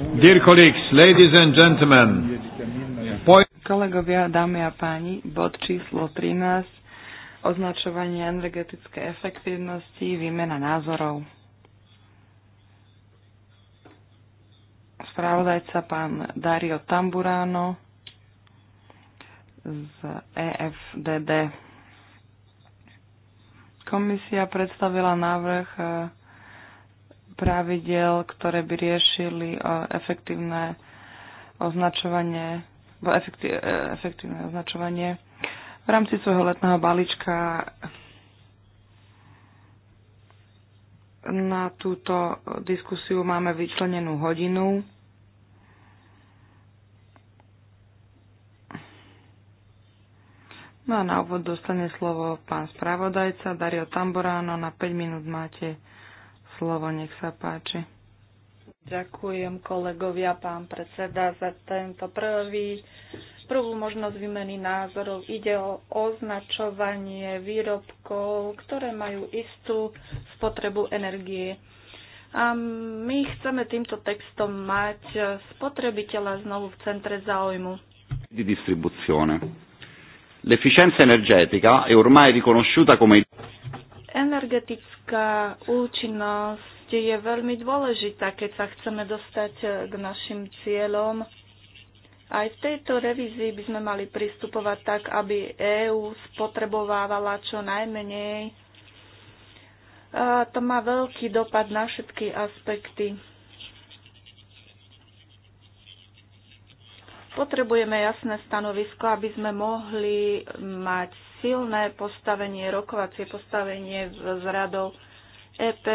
Dear colleagues, ladies and gentlemen, Kolegovia, dámy a páni, bod číslo 13, označovanie energetické efektívnosti, výmena názorov. Spravodajca pán Dario Tamburano z EFDD. Komisia predstavila návrh e, pravidel, ktoré by riešili eh, efektívne označovanie, eh, efektívne označovanie. V rámci svojho letného balíčka na túto diskusiu máme vyčlenenú hodinu. No a na úvod dostane slovo pán spravodajca Dario Tamborano, Na 5 minút máte slovo, nech sa páči. Ďakujem kolegovia, pán predseda, za tento prvý, prvú možnosť výmeny názorov. Ide o označovanie výrobkov, ktoré majú istú spotrebu energie. A my chceme týmto textom mať spotrebiteľa znovu v centre záujmu. Di L'efficienza energetica è ormai riconosciuta come Energetická účinnosť je veľmi dôležitá, keď sa chceme dostať e, k našim cieľom. Aj v tejto revízii by sme mali pristupovať tak, aby EÚ spotrebovávala čo najmenej. A to má veľký dopad na všetky aspekty. Potrebujeme jasné stanovisko, aby sme mohli mať silné postavenie, rokovacie postavenie s radou EP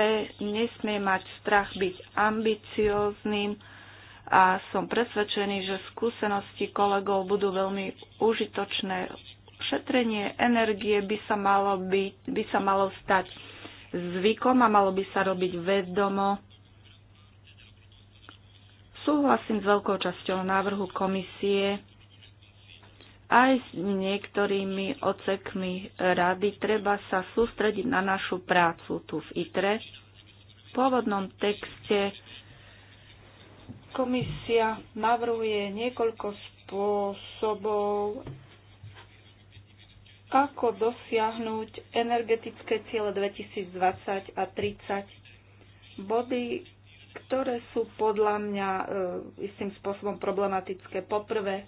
nesmie mať strach byť ambicióznym a som presvedčený, že skúsenosti kolegov budú veľmi užitočné. Šetrenie energie by sa malo, byť, by sa malo stať zvykom a malo by sa robiť vedomo. Súhlasím s veľkou časťou návrhu komisie aj s niektorými ocekmi rady treba sa sústrediť na našu prácu tu v ITRE. V pôvodnom texte komisia navrhuje niekoľko spôsobov, ako dosiahnuť energetické ciele 2020 a 30. Body, ktoré sú podľa mňa e, istým spôsobom problematické. Poprvé,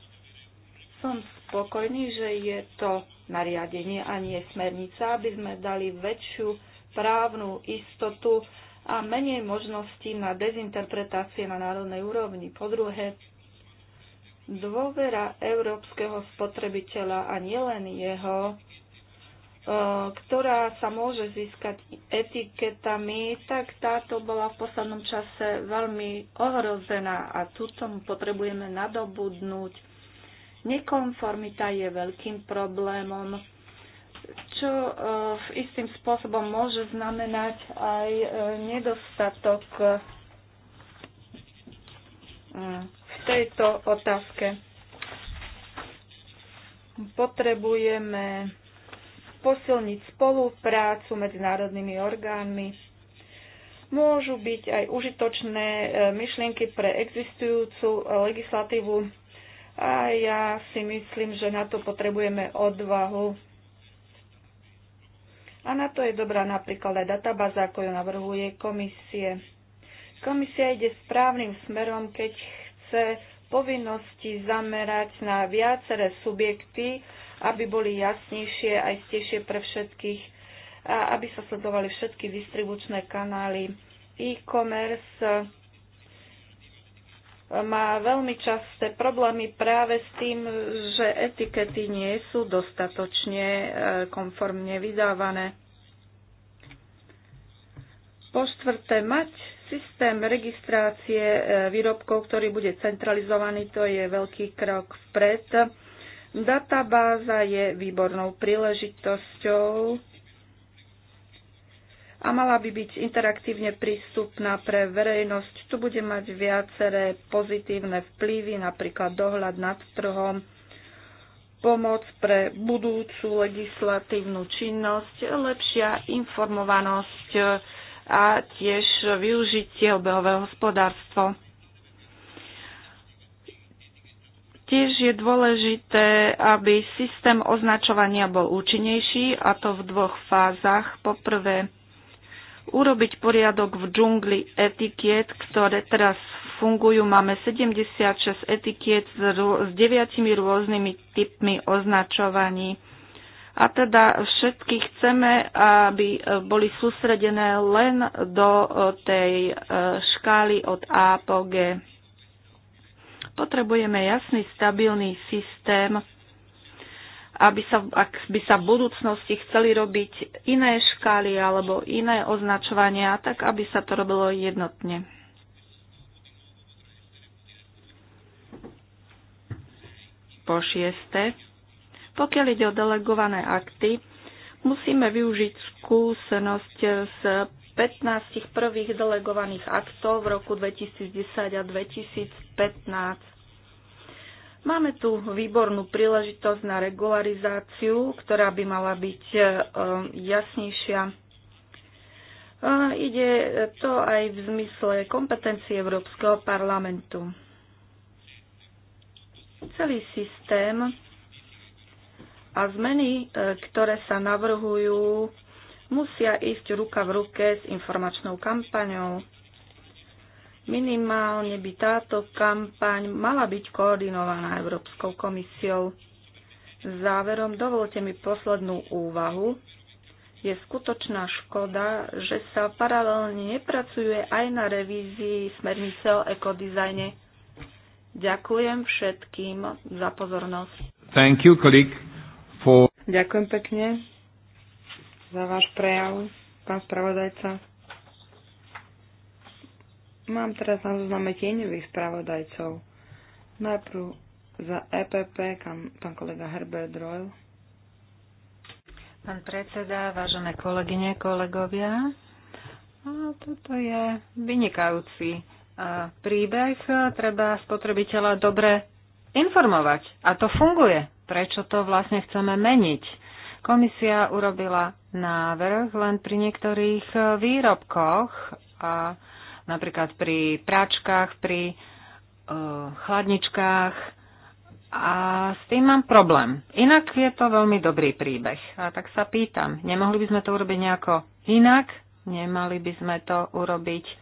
som spokojný, že je to nariadenie a nie smernica, aby sme dali väčšiu právnu istotu a menej možností na dezinterpretácie na národnej úrovni. Po druhé, dôvera európskeho spotrebiteľa a nielen jeho, e, ktorá sa môže získať etiketami, tak táto bola v poslednom čase veľmi ohrozená a tuto potrebujeme nadobudnúť Nekonformita je veľkým problémom, čo v e, istým spôsobom môže znamenať aj e, nedostatok e, v tejto otázke. Potrebujeme posilniť spoluprácu medzi národnými orgánmi. Môžu byť aj užitočné myšlienky pre existujúcu legislatívu a ja si myslím, že na to potrebujeme odvahu. A na to je dobrá napríklad aj databáza, ako ju navrhuje komisie. Komisia ide správnym smerom, keď chce povinnosti zamerať na viaceré subjekty, aby boli jasnejšie aj stejšie pre všetkých a aby sa sledovali všetky distribučné kanály. E-commerce má veľmi časté problémy práve s tým, že etikety nie sú dostatočne e, konformne vydávané. Po štvrté, mať systém registrácie e, výrobkov, ktorý bude centralizovaný, to je veľký krok vpred. Databáza je výbornou príležitosťou a mala by byť interaktívne prístupná pre verejnosť. Tu bude mať viaceré pozitívne vplyvy, napríklad dohľad nad trhom, pomoc pre budúcu legislatívnu činnosť, lepšia informovanosť e, a tiež využitie obehového hospodárstvo. Tiež je dôležité, aby systém označovania bol účinnejší, a to v dvoch fázach. Poprvé, urobiť poriadok v džungli etikiet, ktoré teraz fungujú. Máme 76 etikiet s, s 9 rôznymi typmi označovaní. A teda všetky chceme, aby e, boli sústredené len do e, tej e, škály od A po G. Potrebujeme jasný, stabilný systém, aby sa, ak by sa v budúcnosti chceli robiť iné škály alebo iné označovania, tak aby sa to robilo jednotne. Po šieste, pokiaľ ide o delegované akty, musíme využiť skúsenosť z 15 prvých delegovaných aktov v roku 2010 a 2015 Máme tu výbornú príležitosť na regularizáciu, ktorá by mala byť e, jasnejšia e, Ide to aj v zmysle kompetencie Európskeho parlamentu. Celý systém a zmeny, e, ktoré sa navrhujú, musia ísť ruka v ruke s informačnou kampaňou. Minimálne by táto kampaň mala byť koordinovaná Európskou komisiou. Záverom dovolte mi poslednú úvahu. Je skutočná škoda, že sa paralelne nepracuje aj na revízii smernice o ekodizajne. Ďakujem všetkým za pozornosť. Thank you, colleague, for... Ďakujem pekne za váš prejav, pán spravodajca. Mám teraz na zozname tieňových spravodajcov. Najprv za EPP, kam, pán kolega Herbert Royal. Pán predseda, vážené kolegyne, kolegovia, a toto je vynikajúci e, príbeh. Treba spotrebiteľa dobre informovať. A to funguje. Prečo to vlastne chceme meniť? Komisia urobila návrh len pri niektorých e, výrobkoch a napríklad pri práčkach, pri e, chladničkách a s tým mám problém. Inak je to veľmi dobrý príbeh. A tak sa pýtam, nemohli by sme to urobiť nejako inak? Nemali by sme to urobiť e,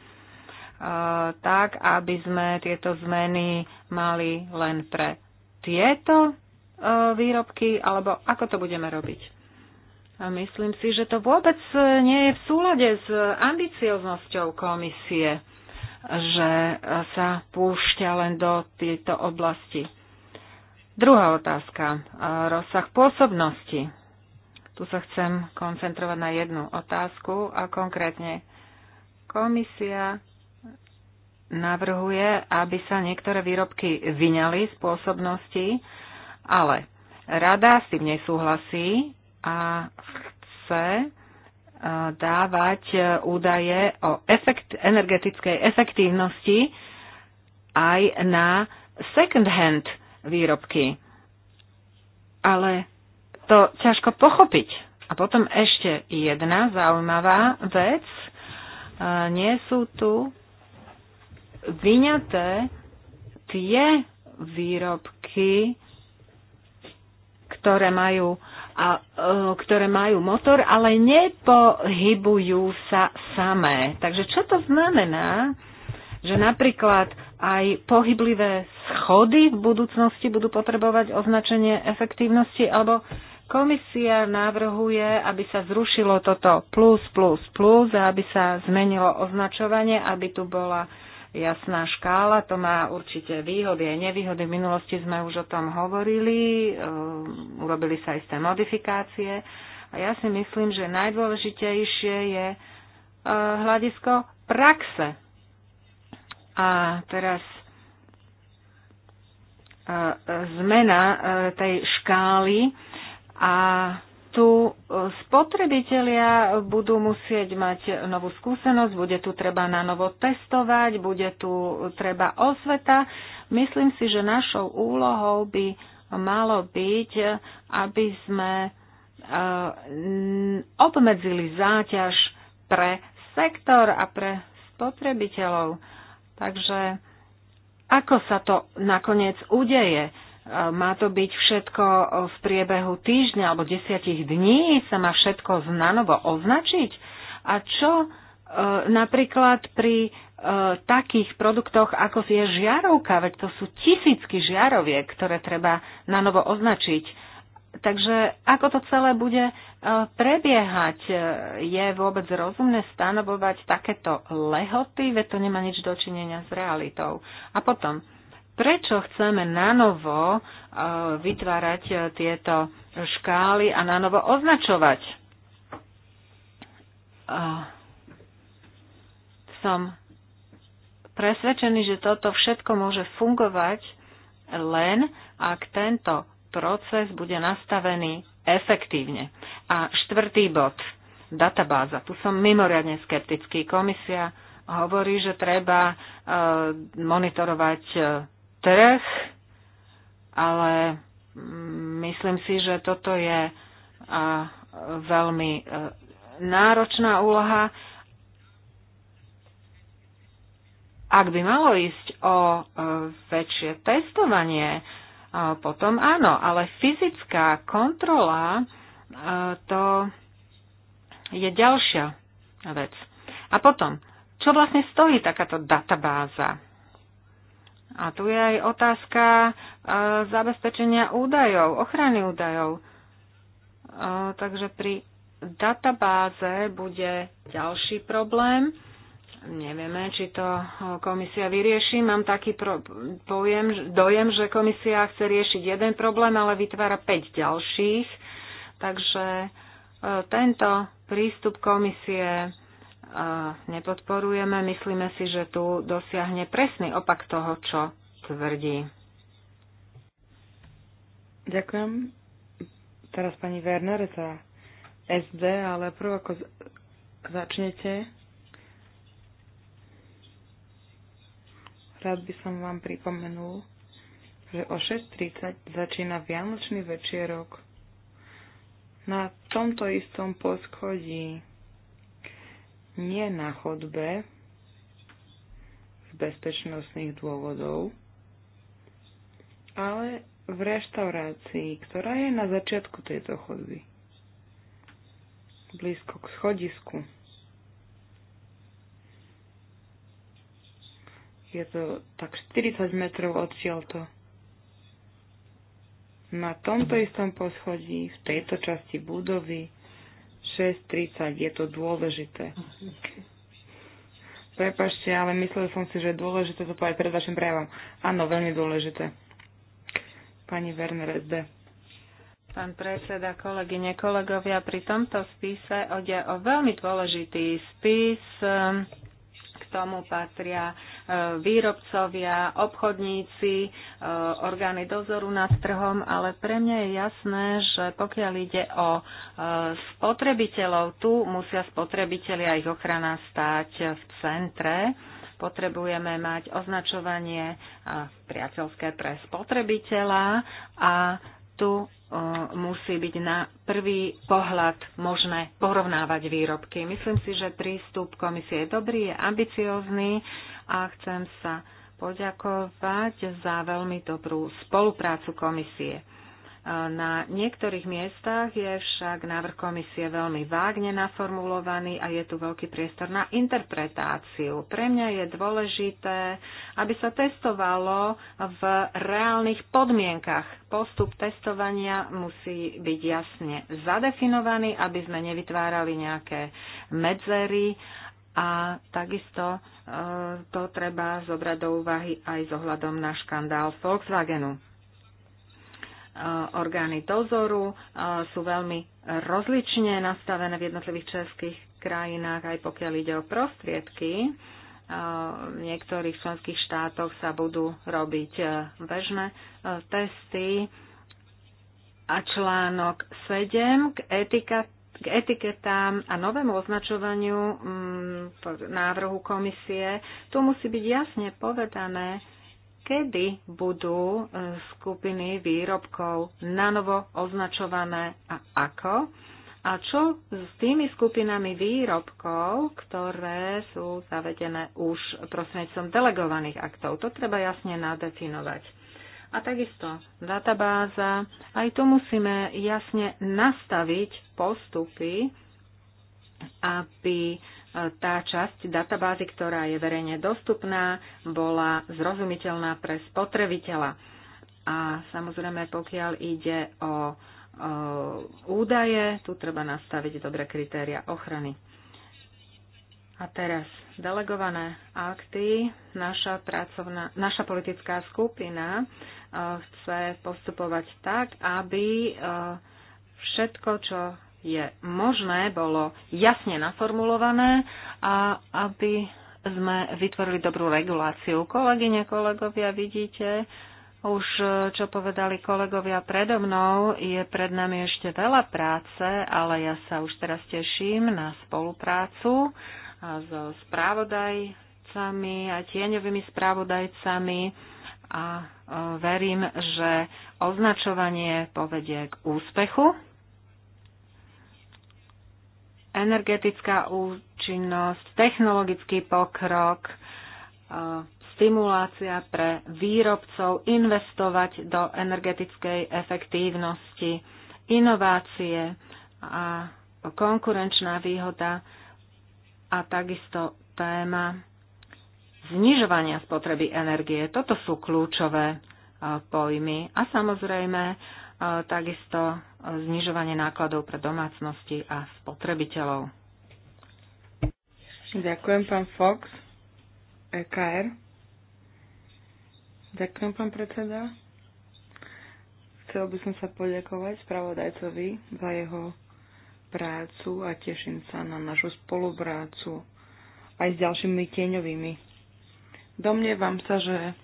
tak, aby sme tieto zmeny mali len pre tieto e, výrobky, alebo ako to budeme robiť? A myslím si, že to vôbec e, nie je v súlade s ambicioznosťou komisie, že e, sa púšťa len do tejto oblasti. Druhá otázka. E, rozsah pôsobnosti. Tu sa chcem koncentrovať na jednu otázku a konkrétne komisia navrhuje, aby sa niektoré výrobky vyňali z pôsobnosti, ale rada s tým nesúhlasí, a chce e, dávať e, údaje o efekt, energetickej efektívnosti aj na second-hand výrobky. Ale to ťažko pochopiť. A potom ešte jedna zaujímavá vec. E, nie sú tu vyňaté tie výrobky, ktoré majú a, e, ktoré majú motor, ale nepohybujú sa samé. Takže čo to znamená, že napríklad aj pohyblivé schody v budúcnosti budú potrebovať označenie efektívnosti, alebo komisia navrhuje, aby sa zrušilo toto plus, plus, plus a aby sa zmenilo označovanie, aby tu bola jasná škála. To má určite výhody aj nevýhody. V minulosti sme už o tom hovorili, ehm, urobili sa isté modifikácie. A ja si myslím, že najdôležitejšie je eh, hľadisko praxe. A teraz eh, zmena eh, tej škály a tu e, spotrebitelia budú musieť mať novú skúsenosť, bude tu treba na novo testovať, bude tu treba osveta. Myslím si, že našou úlohou by malo byť, aby sme e, obmedzili záťaž pre sektor a pre spotrebiteľov. Takže ako sa to nakoniec udeje? Má to byť všetko v priebehu týždňa alebo desiatich dní? Sa má všetko znanovo označiť? A čo e, napríklad pri e, takých produktoch, ako je žiarovka, veď to sú tisícky žiaroviek, ktoré treba na novo označiť. Takže ako to celé bude e, prebiehať? Je vôbec rozumné stanovovať takéto lehoty, veď to nemá nič dočinenia s realitou. A potom, prečo chceme nanovo e, vytvárať e, tieto škály a nanovo označovať. Som presvedčený, že toto všetko môže fungovať len, ak tento proces bude nastavený efektívne. A štvrtý bod, databáza. Tu som mimoriadne skeptický. Komisia hovorí, že treba e, monitorovať trh, ale myslím si, že toto je veľmi e, náročná úloha. Ak by malo ísť o e, väčšie testovanie, e, potom áno, ale fyzická kontrola to je ďalšia vec. A potom, čo vlastne stojí takáto databáza? A tu je aj otázka e, zabezpečenia údajov, ochrany údajov. E, takže pri databáze bude ďalší problém. Nevieme, či to e, komisia vyrieši. Mám taký pro, pojem, dojem, že komisia chce riešiť jeden problém, ale vytvára 5 ďalších. Takže tento prístup komisie nepodporujeme. Myslíme si, že tu dosiahne presný opak toho, čo tvrdí. Ďakujem. Teraz pani Werner za SD, ale prv ako začnete, rád by som vám pripomenul, že o 6.30 začína Vianočný večierok na tomto istom poschodí nie na chodbe z bezpečnostných dôvodov, ale v reštaurácii, ktorá je na začiatku tejto chodby, blízko k schodisku. Je to tak 40 metrov odtiaľto. Na tomto istom poschodí, v tejto časti budovy, 6.30. Je to dôležité. Prepašte, ale myslel som si, že je dôležité to povedať pred vašim prejavom. Áno, veľmi dôležité. Pani Werner SD. Pán predseda, kolegyne, kolegovia, pri tomto spise ide o veľmi dôležitý spis. Ehm, k tomu patria výrobcovia, obchodníci, e, orgány dozoru nad trhom, ale pre mňa je jasné, že pokiaľ ide o e, spotrebiteľov, tu musia spotrebiteľi a ich ochrana stáť v centre potrebujeme mať označovanie e, priateľské pre spotrebiteľa a tu musí byť na prvý pohľad možné porovnávať výrobky. Myslím si, že prístup komisie je dobrý, je ambiciózny a chcem sa poďakovať za veľmi dobrú spoluprácu komisie. E, na niektorých miestach je však návrh komisie veľmi vágne naformulovaný a je tu veľký priestor na interpretáciu. Pre mňa je dôležité, aby sa testovalo v reálnych podmienkach. Postup testovania musí byť jasne zadefinovaný, aby sme nevytvárali nejaké medzery a takisto e, to treba zobrať do úvahy aj s ohľadom na škandál Volkswagenu. E, orgány dozoru e, sú veľmi rozlične nastavené v jednotlivých českých krajinách, aj pokiaľ ide o prostriedky. V niektorých členských štátoch sa budú robiť bežné testy, a článok 7 k etika, k etiketám a novému označovaniu mm, návrhu komisie, tu musí byť jasne povedané, kedy budú e, skupiny výrobkov nanovo označované a ako a čo s tými skupinami výrobkov, ktoré sú zavedené už prostredníctvom delegovaných aktov. To treba jasne nadefinovať. A takisto databáza, aj tu musíme jasne nastaviť postupy, aby e, tá časť databázy, ktorá je verejne dostupná, bola zrozumiteľná pre spotrebiteľa. A samozrejme, pokiaľ ide o, o e, údaje, tu treba nastaviť dobré kritéria ochrany. A teraz delegované akty. Naša, pracovná, naša politická skupina chce postupovať tak, aby e, všetko, čo je možné, bolo jasne naformulované a aby sme vytvorili dobrú reguláciu. Kolegyne, kolegovia, vidíte, už e, čo povedali kolegovia predo mnou, je pred nami ešte veľa práce, ale ja sa už teraz teším na spoluprácu so správodajcami a tieňovými správodajcami a e, verím, že označovanie povedie k úspechu. Energetická účinnosť, technologický pokrok, e, stimulácia pre výrobcov investovať do energetickej efektívnosti, inovácie a konkurenčná výhoda a takisto téma znižovania spotreby energie. Toto sú kľúčové e, pojmy a samozrejme e, takisto znižovanie nákladov pre domácnosti a spotrebiteľov. Ďakujem, pán Fox. EKR. Ďakujem, pán predseda. Chcel by som sa poďakovať spravodajcovi za jeho prácu a teším sa na našu spoluprácu aj s ďalšími tieňovými Domnievam sa, že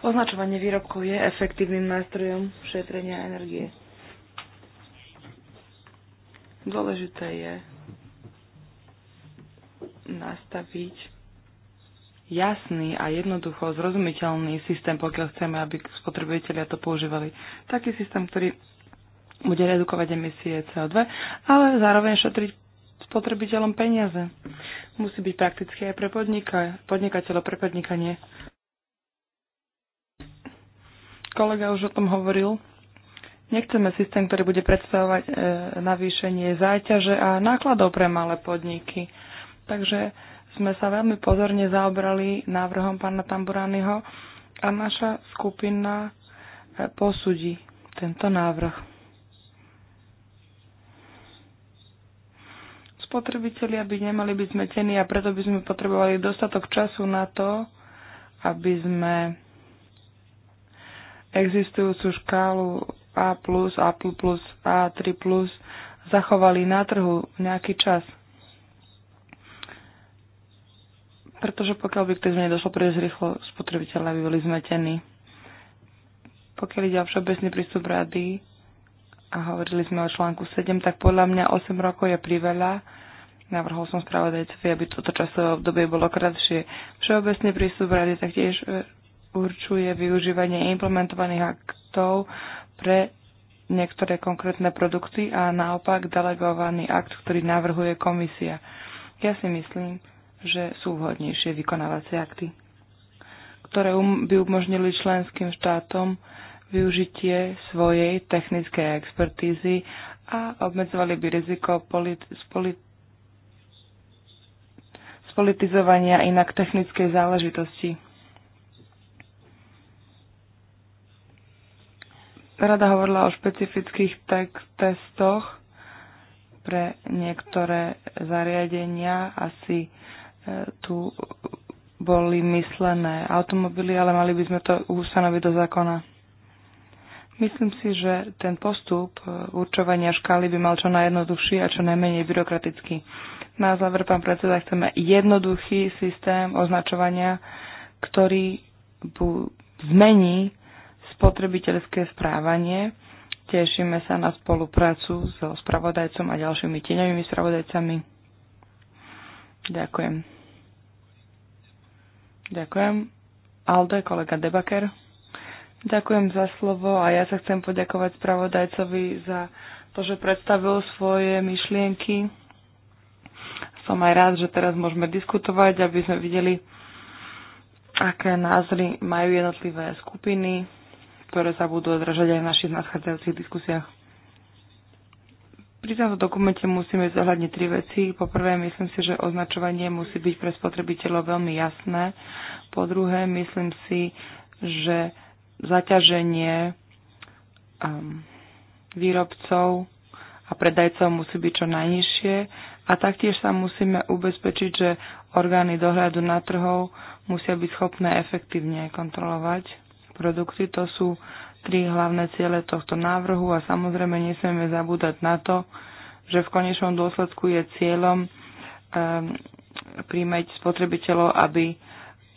označovanie výrobkov je efektívnym nástrojom šetrenia energie. Dôležité je nastaviť jasný a jednoducho zrozumiteľný systém, pokiaľ chceme, aby spotrebitelia to používali. Taký systém, ktorý bude redukovať emisie CO2, ale zároveň šetriť spotrebiteľom peniaze. Musí byť prakticky aj pre podnika, pre podnikanie. Kolega už o tom hovoril. Nechceme systém, ktorý bude predstavovať e, navýšenie záťaže a nákladov pre malé podniky. Takže sme sa veľmi pozorne zaobrali návrhom pána Tamburányho a naša skupina e, posúdi tento návrh. spotrebitelia by nemali byť zmetení a preto by sme potrebovali dostatok času na to, aby sme existujúcu škálu A+, A++, A3+, zachovali na trhu nejaký čas. Pretože pokiaľ by k tej zmene došlo príliš rýchlo, spotrebiteľe by boli zmetení. Pokiaľ ide o všeobecný prístup rady, a hovorili sme o článku 7, tak podľa mňa 8 rokov je priveľa. Navrhol som spravodajcovi, aby toto časové obdobie bolo kratšie. Všeobecný prístup rady taktiež e, určuje využívanie implementovaných aktov pre niektoré konkrétne produkty a naopak delegovaný akt, ktorý navrhuje komisia. Ja si myslím, že sú vhodnejšie vykonávacie akty, ktoré um-, by umožnili členským štátom využitie svojej technickej expertízy a obmedzovali by riziko politi- spoli- spolitizovania inak technickej záležitosti. Rada hovorila o špecifických tek- testoch pre niektoré zariadenia. Asi e, tu boli myslené automobily, ale mali by sme to ustanoviť do zákona. Myslím si, že ten postup e, určovania škály by mal čo najjednoduchší a čo najmenej byrokratický. Na záver, pán predseda, chceme jednoduchý systém označovania, ktorý zmení spotrebiteľské správanie. Tešíme sa na spoluprácu so spravodajcom a ďalšími tieňovými spravodajcami. Ďakujem. Ďakujem. Alde, kolega Debaker. Ďakujem za slovo a ja sa chcem poďakovať spravodajcovi za to, že predstavil svoje myšlienky. Som aj rád, že teraz môžeme diskutovať, aby sme videli, aké názory majú jednotlivé skupiny, ktoré sa budú odražať aj v našich nadchádzajúcich diskusiách. Pri tomto dokumente musíme zohľadniť tri veci. Po prvé, myslím si, že označovanie musí byť pre spotrebiteľov veľmi jasné. Po druhé, myslím si, že zaťaženie um, výrobcov a predajcov musí byť čo najnižšie a taktiež sa musíme ubezpečiť, že orgány dohľadu na trhov musia byť schopné efektívne kontrolovať produkty. To sú tri hlavné ciele tohto návrhu a samozrejme nesmieme zabúdať na to, že v konečnom dôsledku je cieľom um, príjmeť spotrebiteľov, aby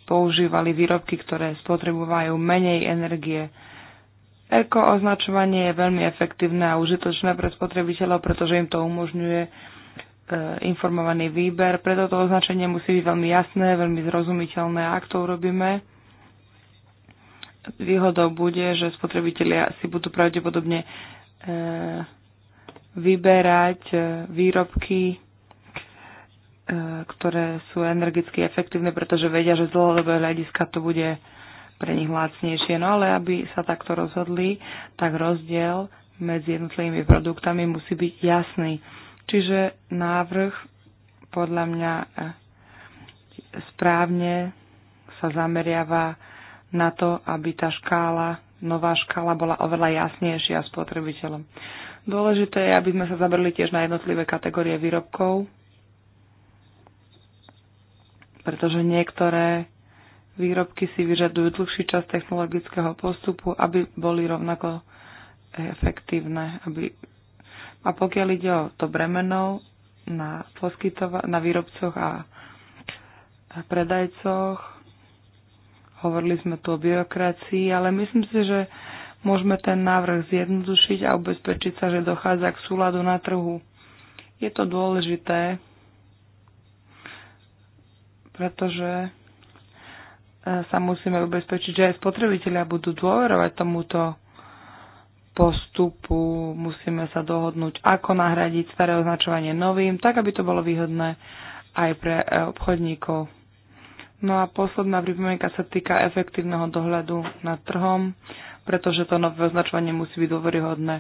používali výrobky, ktoré spotrebujú menej energie. Eko označovanie je veľmi efektívne a užitočné pre spotrebiteľov, pretože im to umožňuje e, informovaný výber. Preto to označenie musí byť veľmi jasné, veľmi zrozumiteľné. Ak to urobíme, výhodou bude, že spotrebitelia si budú pravdepodobne e, vyberať e, výrobky, E, ktoré sú energicky efektívne, pretože vedia, že z dlhodobého hľadiska to bude pre nich lacnejšie. No ale aby sa takto rozhodli, tak rozdiel medzi jednotlivými produktami musí byť jasný. Čiže návrh podľa mňa e, správne sa zameriava na to, aby tá škála, nová škála bola oveľa jasnejšia spotrebiteľom. Dôležité je, aby sme sa zabrali tiež na jednotlivé kategórie výrobkov, pretože niektoré výrobky si vyžadujú dlhší čas technologického postupu, aby boli rovnako efektívne. Aby... A pokiaľ ide o to bremenov na, poskytova- na výrobcoch a, a predajcoch, hovorili sme tu o byrokracii, ale myslím si, že môžeme ten návrh zjednodušiť a ubezpečiť sa, že dochádza k súladu na trhu. Je to dôležité, pretože e, sa musíme ubezpečiť, že aj spotrebitelia budú dôverovať tomuto postupu. Musíme sa dohodnúť, ako nahradiť staré označovanie novým, tak aby to bolo výhodné aj pre e, obchodníkov. No a posledná pripomienka sa týka efektívneho dohľadu nad trhom, pretože to nové označovanie musí byť dôveryhodné.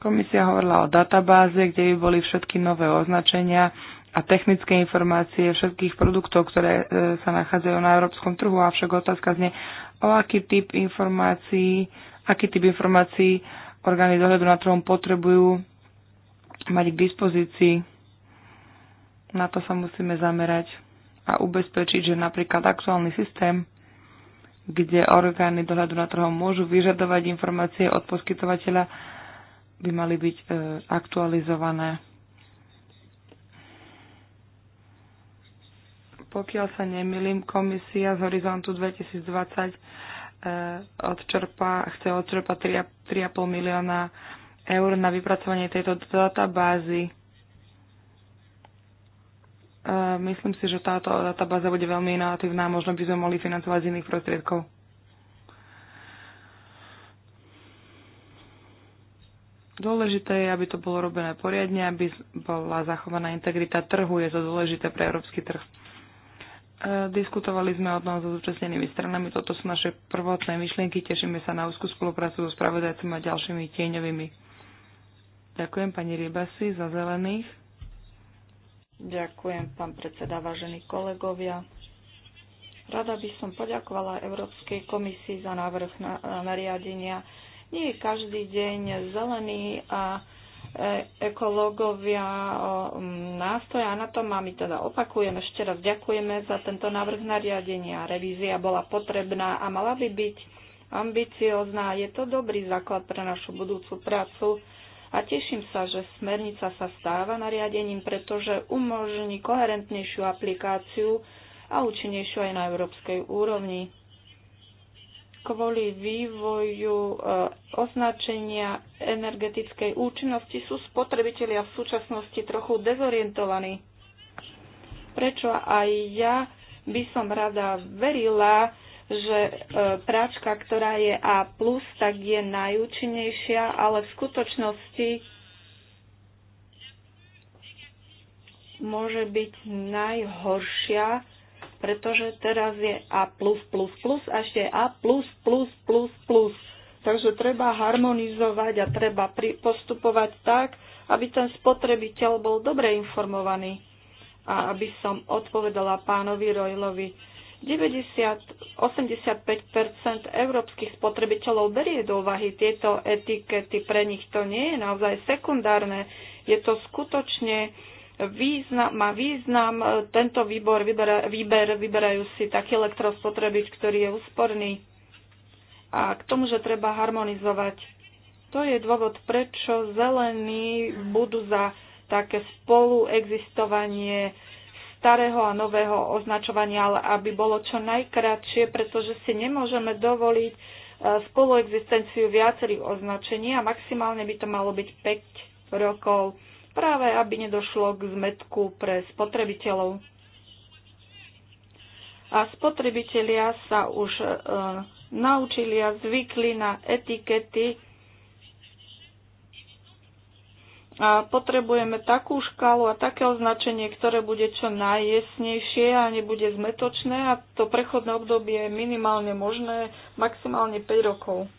Komisia hovorila o databáze, kde by boli všetky nové označenia a technické informácie všetkých produktov, ktoré e, sa nachádzajú na európskom trhu. Avšak otázka znie, o aký typ informácií, aký typ informácií orgány dohľadu na trhom potrebujú mať k dispozícii. Na to sa musíme zamerať a ubezpečiť, že napríklad aktuálny systém, kde orgány dohľadu na trhom môžu vyžadovať informácie od poskytovateľa, by mali byť e, aktualizované Pokiaľ sa nemilím, komisia z horizontu 2020 eh, odčerpa, chce odčerpať 3,5 milióna eur na vypracovanie tejto databázy. Eh, myslím si, že táto databáza bude veľmi inovatívna a možno by sme mohli financovať z iných prostriedkov. Dôležité je, aby to bolo robené poriadne, aby bola zachovaná integrita trhu. Je to dôležité pre európsky trh. Diskutovali sme o tom so zúčastnenými stranami. Toto sú naše prvotné myšlienky. Tešíme sa na úzkú spoluprácu so spravodajcami a ďalšími tieňovými. Ďakujem pani Rybasi za zelených. Ďakujem, pán predseda, vážení kolegovia. Rada by som poďakovala Európskej komisii za návrh nariadenia. Nie je každý deň zelený a E, ekológovia nástoja na tom a my teda opakujeme. ešte raz ďakujeme za tento návrh nariadenia. Revízia bola potrebná a mala by byť ambiciozná. Je to dobrý základ pre našu budúcu prácu a teším sa, že smernica sa stáva nariadením, pretože umožní koherentnejšiu aplikáciu a účinnejšiu aj na európskej úrovni kvôli vývoju eh, označenia energetickej účinnosti sú spotrebitelia v súčasnosti trochu dezorientovaní. Prečo aj ja by som rada verila, že eh, práčka, ktorá je A+, tak je najúčinnejšia, ale v skutočnosti môže byť najhoršia, pretože teraz je A+++ a ešte A++++. Takže treba harmonizovať a treba postupovať tak, aby ten spotrebiteľ bol dobre informovaný. A aby som odpovedala pánovi Rojlovi, 90, 85 európskych spotrebiteľov berie do úvahy tieto etikety. Pre nich to nie je naozaj sekundárne. Je to skutočne význam, má význam. E, tento výbor vybera, výber vyberajú si taký elektrospotrebič, ktorý je úsporný. A k tomu, že treba harmonizovať. To je dôvod, prečo zelení budú za také spoluexistovanie starého a nového označovania, ale aby bolo čo najkratšie, pretože si nemôžeme dovoliť e, spoluexistenciu viacerých označení a maximálne by to malo byť 5 rokov práve aby nedošlo k zmetku pre spotrebiteľov. A spotrebitelia sa už e, naučili a zvykli na etikety a potrebujeme takú škálu a také označenie, ktoré bude čo najjesnejšie a nebude zmetočné a to prechodné obdobie je minimálne možné maximálne 5 rokov.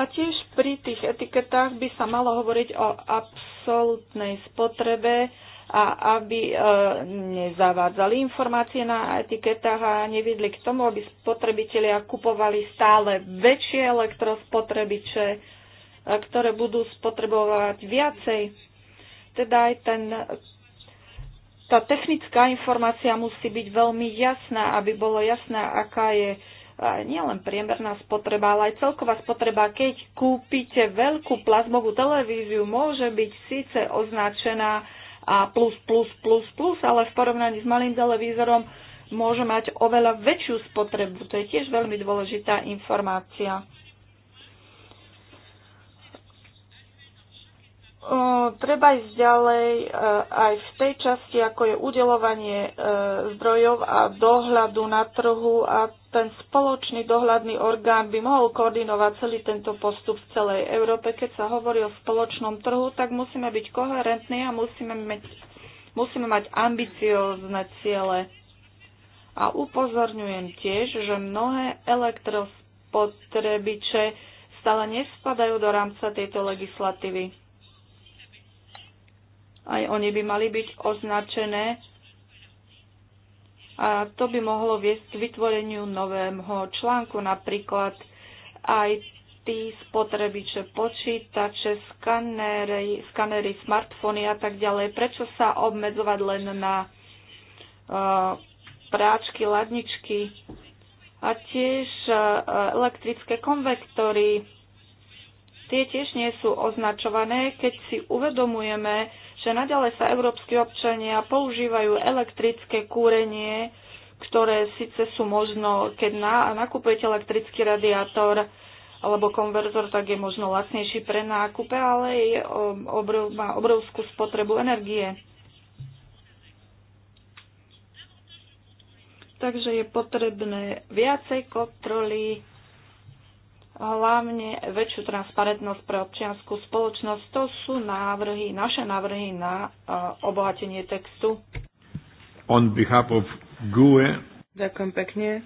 A tiež pri tých etiketách by sa malo hovoriť o absolútnej spotrebe a aby e, nezavádzali informácie na etiketách a neviedli k tomu, aby spotrebitelia kupovali stále väčšie elektrospotrebiče, e, ktoré budú spotrebovať viacej. Teda aj ten, tá technická informácia musí byť veľmi jasná, aby bolo jasné, aká je nie len priemerná spotreba, ale aj celková spotreba. Keď kúpite veľkú plazmovú televíziu, môže byť síce označená a plus, plus, plus, plus, ale v porovnaní s malým televízorom môže mať oveľa väčšiu spotrebu. To je tiež veľmi dôležitá informácia. treba ísť ďalej e, aj v tej časti, ako je udelovanie e, zdrojov a dohľadu na trhu a ten spoločný dohľadný orgán by mohol koordinovať celý tento postup v celej Európe. Keď sa hovorí o spoločnom trhu, tak musíme byť koherentní a musíme mať, musíme mať ambiciózne ciele. A upozorňujem tiež, že mnohé elektrospotrebiče stále nespadajú do rámca tejto legislatívy. Aj oni by mali byť označené a to by mohlo viesť k vytvoreniu nového článku, napríklad aj tí spotrebiče, počítače, skanery, skanery smartfóny a tak ďalej. Prečo sa obmedzovať len na uh, práčky, ladničky a tiež uh, elektrické konvektory? Tie tiež nie sú označované, keď si uvedomujeme, že naďalej sa európsky občania používajú elektrické kúrenie, ktoré síce sú možno, keď na, nakupujete elektrický radiátor alebo konverzor, tak je možno lacnejší pre nákupe, ale je, um, obrov, má obrovskú spotrebu energie. Takže je potrebné viacej kontroly hlavne väčšiu transparentnosť pre občianskú spoločnosť. To sú návrhy, naše návrhy na e, obohatenie textu. On behalf of GUE. Ďakujem pekne.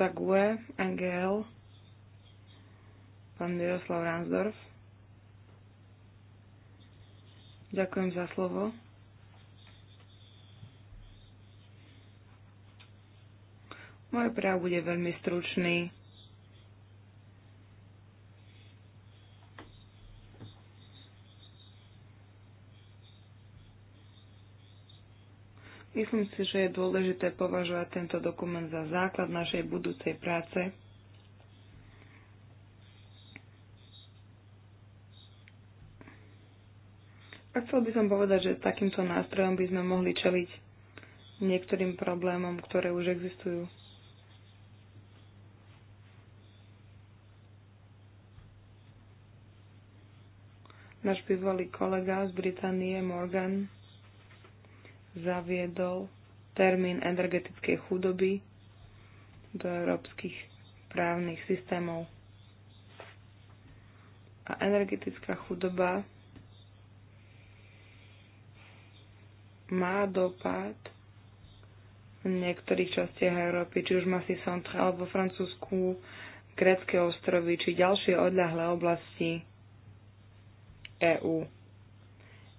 Za GUE, NGL, pán Miroslav Ransdorf. Ďakujem za slovo. Moje práv bude veľmi stručný Myslím si, že je dôležité považovať tento dokument za základ našej budúcej práce. A chcel by som povedať, že takýmto nástrojom by sme mohli čeliť niektorým problémom, ktoré už existujú. Náš bývalý kolega z Británie, Morgan, zaviedol termín energetickej chudoby do európskych právnych systémov. A energetická chudoba má dopad v niektorých častiach Európy, či už Massif Central alebo Francúzsku, Grécké ostrovy či ďalšie odľahlé oblasti EÚ.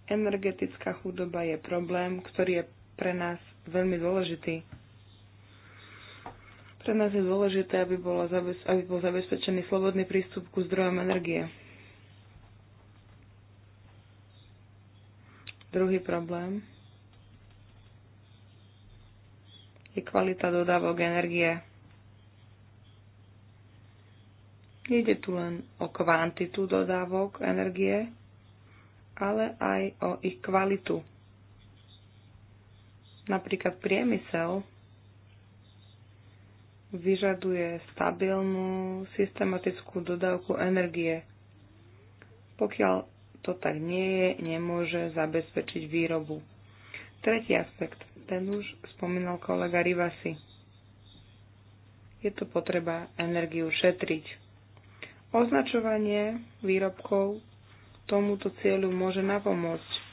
Energetická chudoba je problém, ktorý je pre nás veľmi dôležitý. Pre nás je dôležité, aby, bola, aby bol zabezpečený slobodný prístup ku zdrojom energie. Druhý problém je kvalita dodávok energie. Nejde tu len o kvantitu dodávok energie, ale aj o ich kvalitu. Napríklad priemysel vyžaduje stabilnú, systematickú dodávku energie. Pokiaľ to tak nie je, nemôže zabezpečiť výrobu. Tretí aspekt, ten už spomínal kolega Rivasi. Je to potreba energiu šetriť. Označovanie výrobkov tomuto cieľu môže napomôcť.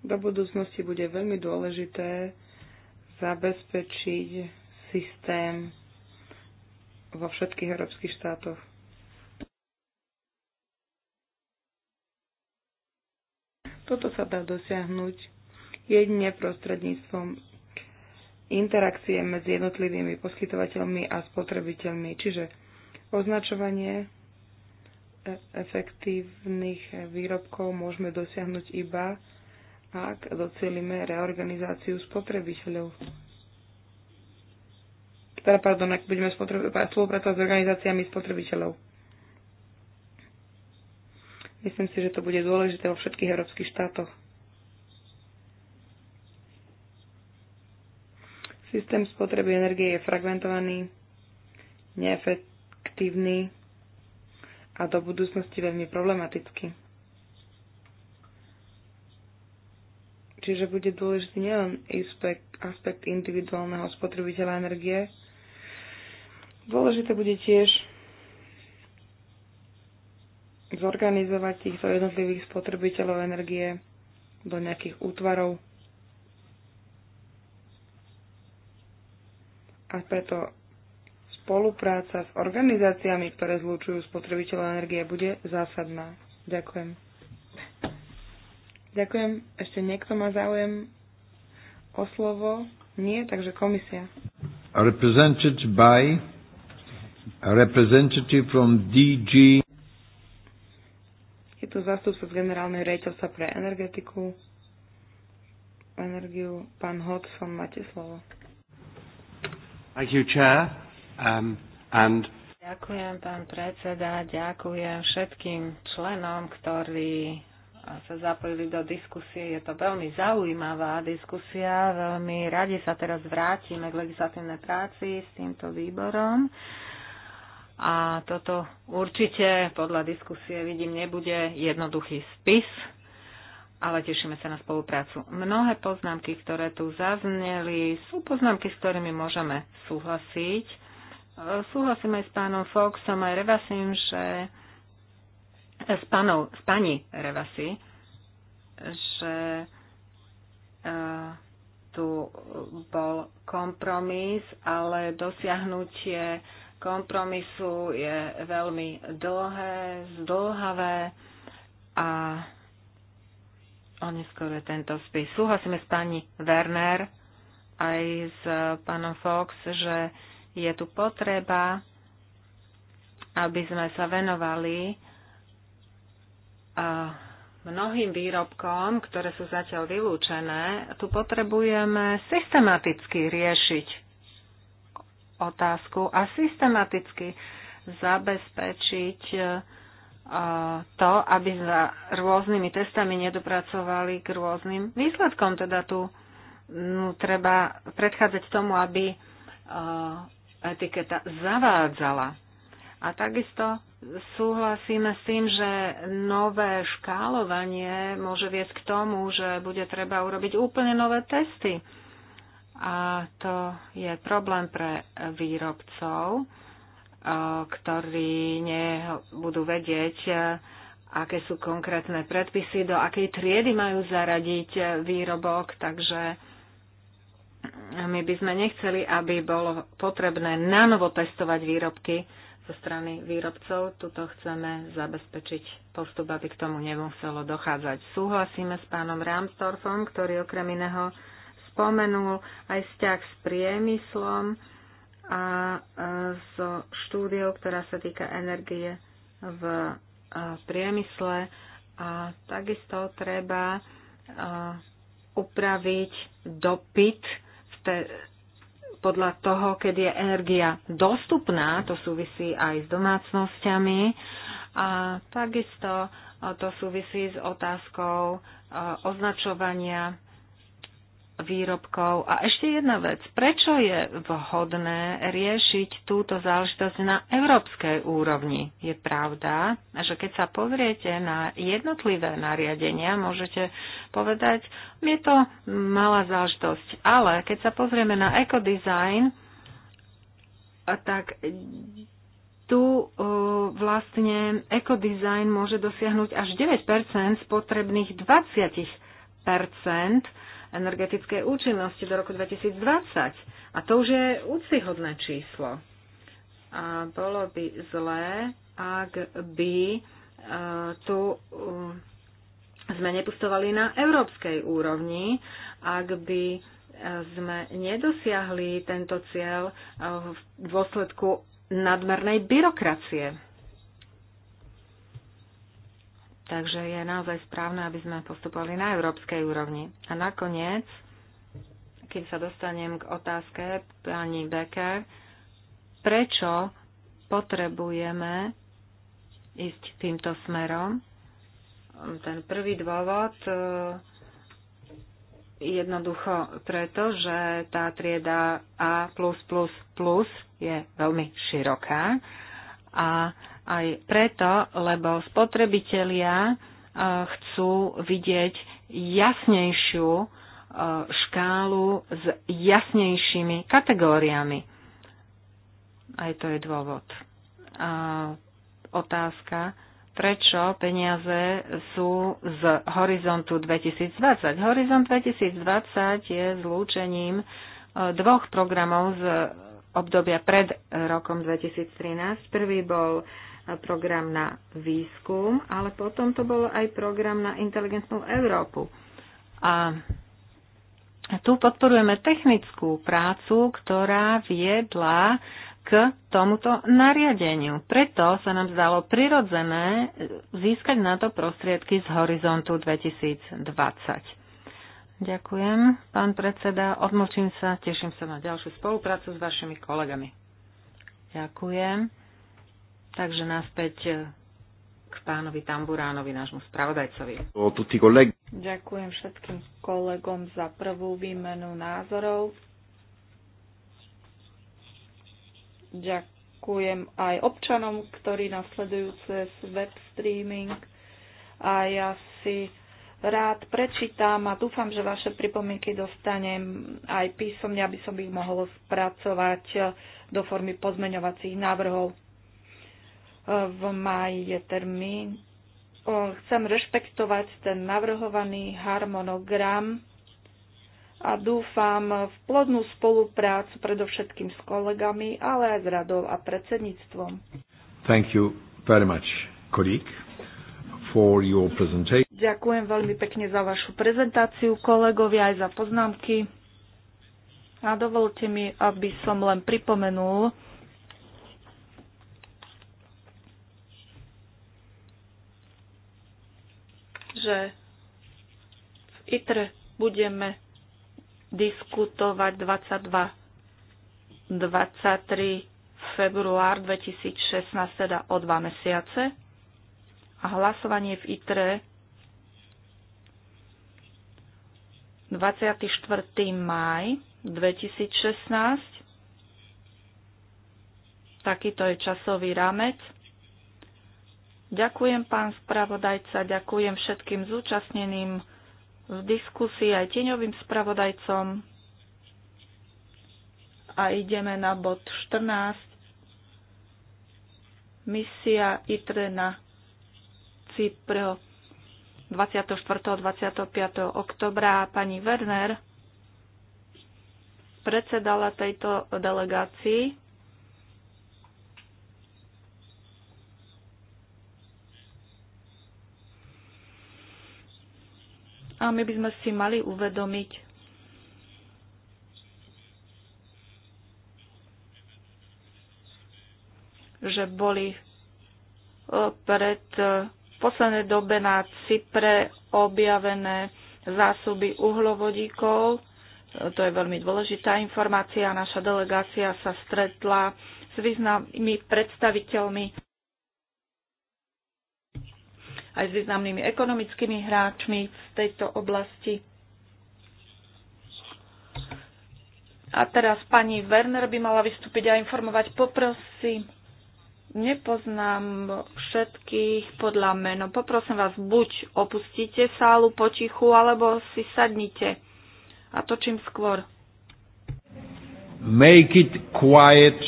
do budúcnosti bude veľmi dôležité zabezpečiť systém vo všetkých európskych štátoch. Toto sa dá dosiahnuť jedine prostredníctvom interakcie medzi jednotlivými poskytovateľmi a spotrebiteľmi, čiže označovanie efektívnych výrobkov môžeme dosiahnuť iba, ak docelíme reorganizáciu spotrebiteľov. Teda, pardon, ak budeme spolupracovať s organizáciami spotrebiteľov. Myslím si, že to bude dôležité vo všetkých európskych štátoch. Systém spotreby energie je fragmentovaný, neefektívny a do budúcnosti veľmi problematický. Čiže bude dôležitý nielen aspekt, aspekt individuálneho spotrebiteľa energie, dôležité bude tiež zorganizovať týchto jednotlivých spotrebiteľov energie do nejakých útvarov. A preto spolupráca s organizáciami, ktoré zlučujú spotrebiteľov energie, bude zásadná. Ďakujem. Ďakujem. Ešte niekto má záujem o slovo? Nie, takže komisia. Represented by a representative from DG tu zástupca z generálnej rejťovca pre energetiku, energiu. Pán Hodson, máte slovo. Thank you, Chair. Um, and Ďakujem, pán predseda, ďakujem všetkým členom, ktorí sa zapojili do diskusie. Je to veľmi zaujímavá diskusia. Veľmi radi sa teraz vrátime k legislatívnej práci s týmto výborom. Uh, a toto určite podľa diskusie vidím nebude jednoduchý spis, ale tešíme sa na spoluprácu. Mnohé poznámky, ktoré tu zazneli, sú poznámky, s ktorými môžeme súhlasiť. E, súhlasím aj s pánom Foxom, aj Revasim, že e, s, pánou, s pani Revasi, že e, tu bol kompromis, ale dosiahnutie kompromisu je veľmi dlhé, zdlhavé a je tento spis. Súhlasíme s pani Werner aj s pánom Fox, že je tu potreba, aby sme sa venovali mnohým výrobkom, ktoré sú zatiaľ vylúčené. Tu potrebujeme systematicky riešiť otázku a systematicky zabezpečiť e, to, aby za rôznymi testami nedopracovali k rôznym výsledkom. Teda tu no, treba predchádzať tomu, aby e, etiketa zavádzala. A takisto súhlasíme s tým, že nové škálovanie môže viesť k tomu, že bude treba urobiť úplne nové testy a to je problém pre výrobcov, e, ktorí nebudú vedieť, e, aké sú konkrétne predpisy, do akej triedy majú zaradiť e, výrobok, takže my by sme nechceli, aby bolo potrebné nanovo testovať výrobky zo strany výrobcov. Tuto chceme zabezpečiť postup, aby k tomu nemuselo dochádzať. Súhlasíme s pánom Ramstorfom, ktorý okrem iného spomenul, aj vzťah s priemyslom a so štúdiou, ktorá sa týka energie v priemysle. A takisto treba upraviť dopyt v te, podľa toho, keď je energia dostupná, to súvisí aj s domácnosťami a takisto to súvisí s otázkou označovania výrobkov. A ešte jedna vec. Prečo je vhodné riešiť túto záležitosť na európskej úrovni? Je pravda, že keď sa pozriete na jednotlivé nariadenia, môžete povedať, je to malá záležitosť. Ale keď sa pozrieme na ekodizajn, tak tu vlastne ekodizajn môže dosiahnuť až 9 z potrebných 20 energetickej účinnosti do roku 2020. A to už je úcihodné číslo. A bolo by zlé, ak by e, tu e, sme nepustovali na európskej úrovni, ak by e, sme nedosiahli tento cieľ v dôsledku nadmernej byrokracie. Takže je naozaj správne, aby sme postupovali na európskej úrovni. A nakoniec, keď sa dostanem k otázke pani Becker, prečo potrebujeme ísť týmto smerom? Ten prvý dôvod e, jednoducho preto, že tá trieda A+++ je veľmi široká a aj preto, lebo spotrebitelia e, chcú vidieť jasnejšiu e, škálu s jasnejšími kategóriami. Aj to je dôvod. A otázka, prečo peniaze sú z horizontu 2020. Horizont 2020 je zlúčením e, dvoch programov z obdobia pred rokom 2013. Prvý bol program na výskum, ale potom to bol aj program na inteligentnú Európu. A tu podporujeme technickú prácu, ktorá viedla k tomuto nariadeniu. Preto sa nám zdalo prirodzené získať na to prostriedky z horizontu 2020. Ďakujem, pán predseda. Odmlčím sa, teším sa na ďalšiu spoluprácu s vašimi kolegami. Ďakujem. Takže naspäť e, k pánovi Tamburánovi, nášmu spravodajcovi. Ďakujem všetkým kolegom za prvú výmenu názorov. Ďakujem aj občanom, ktorí nasledujú cez web streaming. A ja si rád prečítam a dúfam, že vaše pripomienky dostanem aj písomne, aby som ich mohol spracovať do formy pozmeňovacích návrhov v máji je termín. Chcem rešpektovať ten navrhovaný harmonogram a dúfam v plodnú spoluprácu predovšetkým s kolegami, ale aj s radou a predsedníctvom. Thank you very much, colleague, for your presentation. Ďakujem veľmi pekne za vašu prezentáciu, kolegovia, aj za poznámky. A dovolte mi, aby som len pripomenul, že v ITRE budeme diskutovať 22, 23 február 2016, teda o dva mesiace. A hlasovanie v ITRE 24. maj 2016. Takýto je časový rámec. Ďakujem, pán spravodajca, ďakujem všetkým zúčastneným v diskusii aj tieňovým spravodajcom. A ideme na bod 14. Misia ITRE na Cypro 24. a 25. oktobra. Pani Werner predsedala tejto delegácii a my by sme si mali uvedomiť, že boli e, pred e, poslednej dobe na Cypre objavené zásoby uhlovodíkov. E, to je veľmi dôležitá informácia. Naša delegácia sa stretla s významnými predstaviteľmi aj s významnými ekonomickými hráčmi v tejto oblasti. A teraz pani Werner by mala vystúpiť a informovať. Poprosím, nepoznám všetkých podľa meno. Poprosím vás, buď opustíte sálu potichu, alebo si sadnite. A to čím skôr. Make it quiet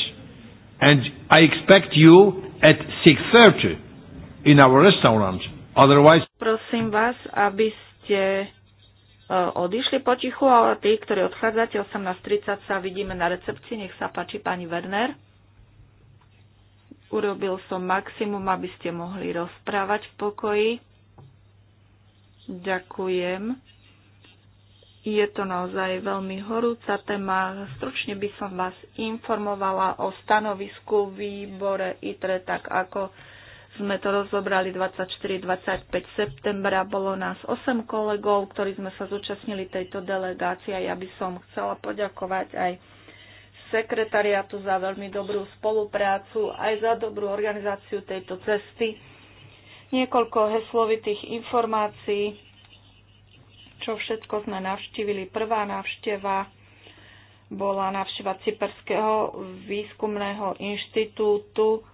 and I expect you at 6.30 in our restaurant. Otherwise... Prosím vás, aby ste e, odišli potichu, ale tí, ktorí odchádzate 18.30 sa vidíme na recepcii. Nech sa páči, pani Werner. Urobil som maximum, aby ste mohli rozprávať v pokoji. Ďakujem. Je to naozaj veľmi horúca téma. Stručne by som vás informovala o stanovisku výbore ITRE, tak ako sme to rozobrali 24-25 septembra. Bolo nás 8 kolegov, ktorí sme sa zúčastnili tejto delegácie. Ja by som chcela poďakovať aj sekretariatu za veľmi dobrú spoluprácu, aj za dobrú organizáciu tejto cesty. Niekoľko heslovitých informácií, čo všetko sme navštívili. Prvá návšteva bola návšteva Cyperského výskumného inštitútu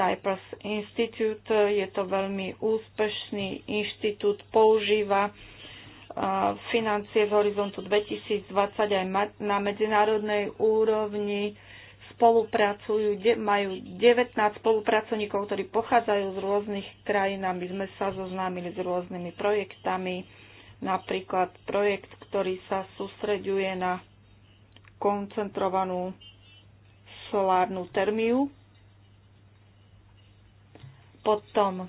Cyprus Institute. Je to veľmi úspešný inštitút, používa financie z horizontu 2020 aj na medzinárodnej úrovni spolupracujú, majú 19 spolupracovníkov, ktorí pochádzajú z rôznych krajín a my sme sa zoznámili s rôznymi projektami, napríklad projekt, ktorý sa sústreďuje na koncentrovanú solárnu termiu. Potom um,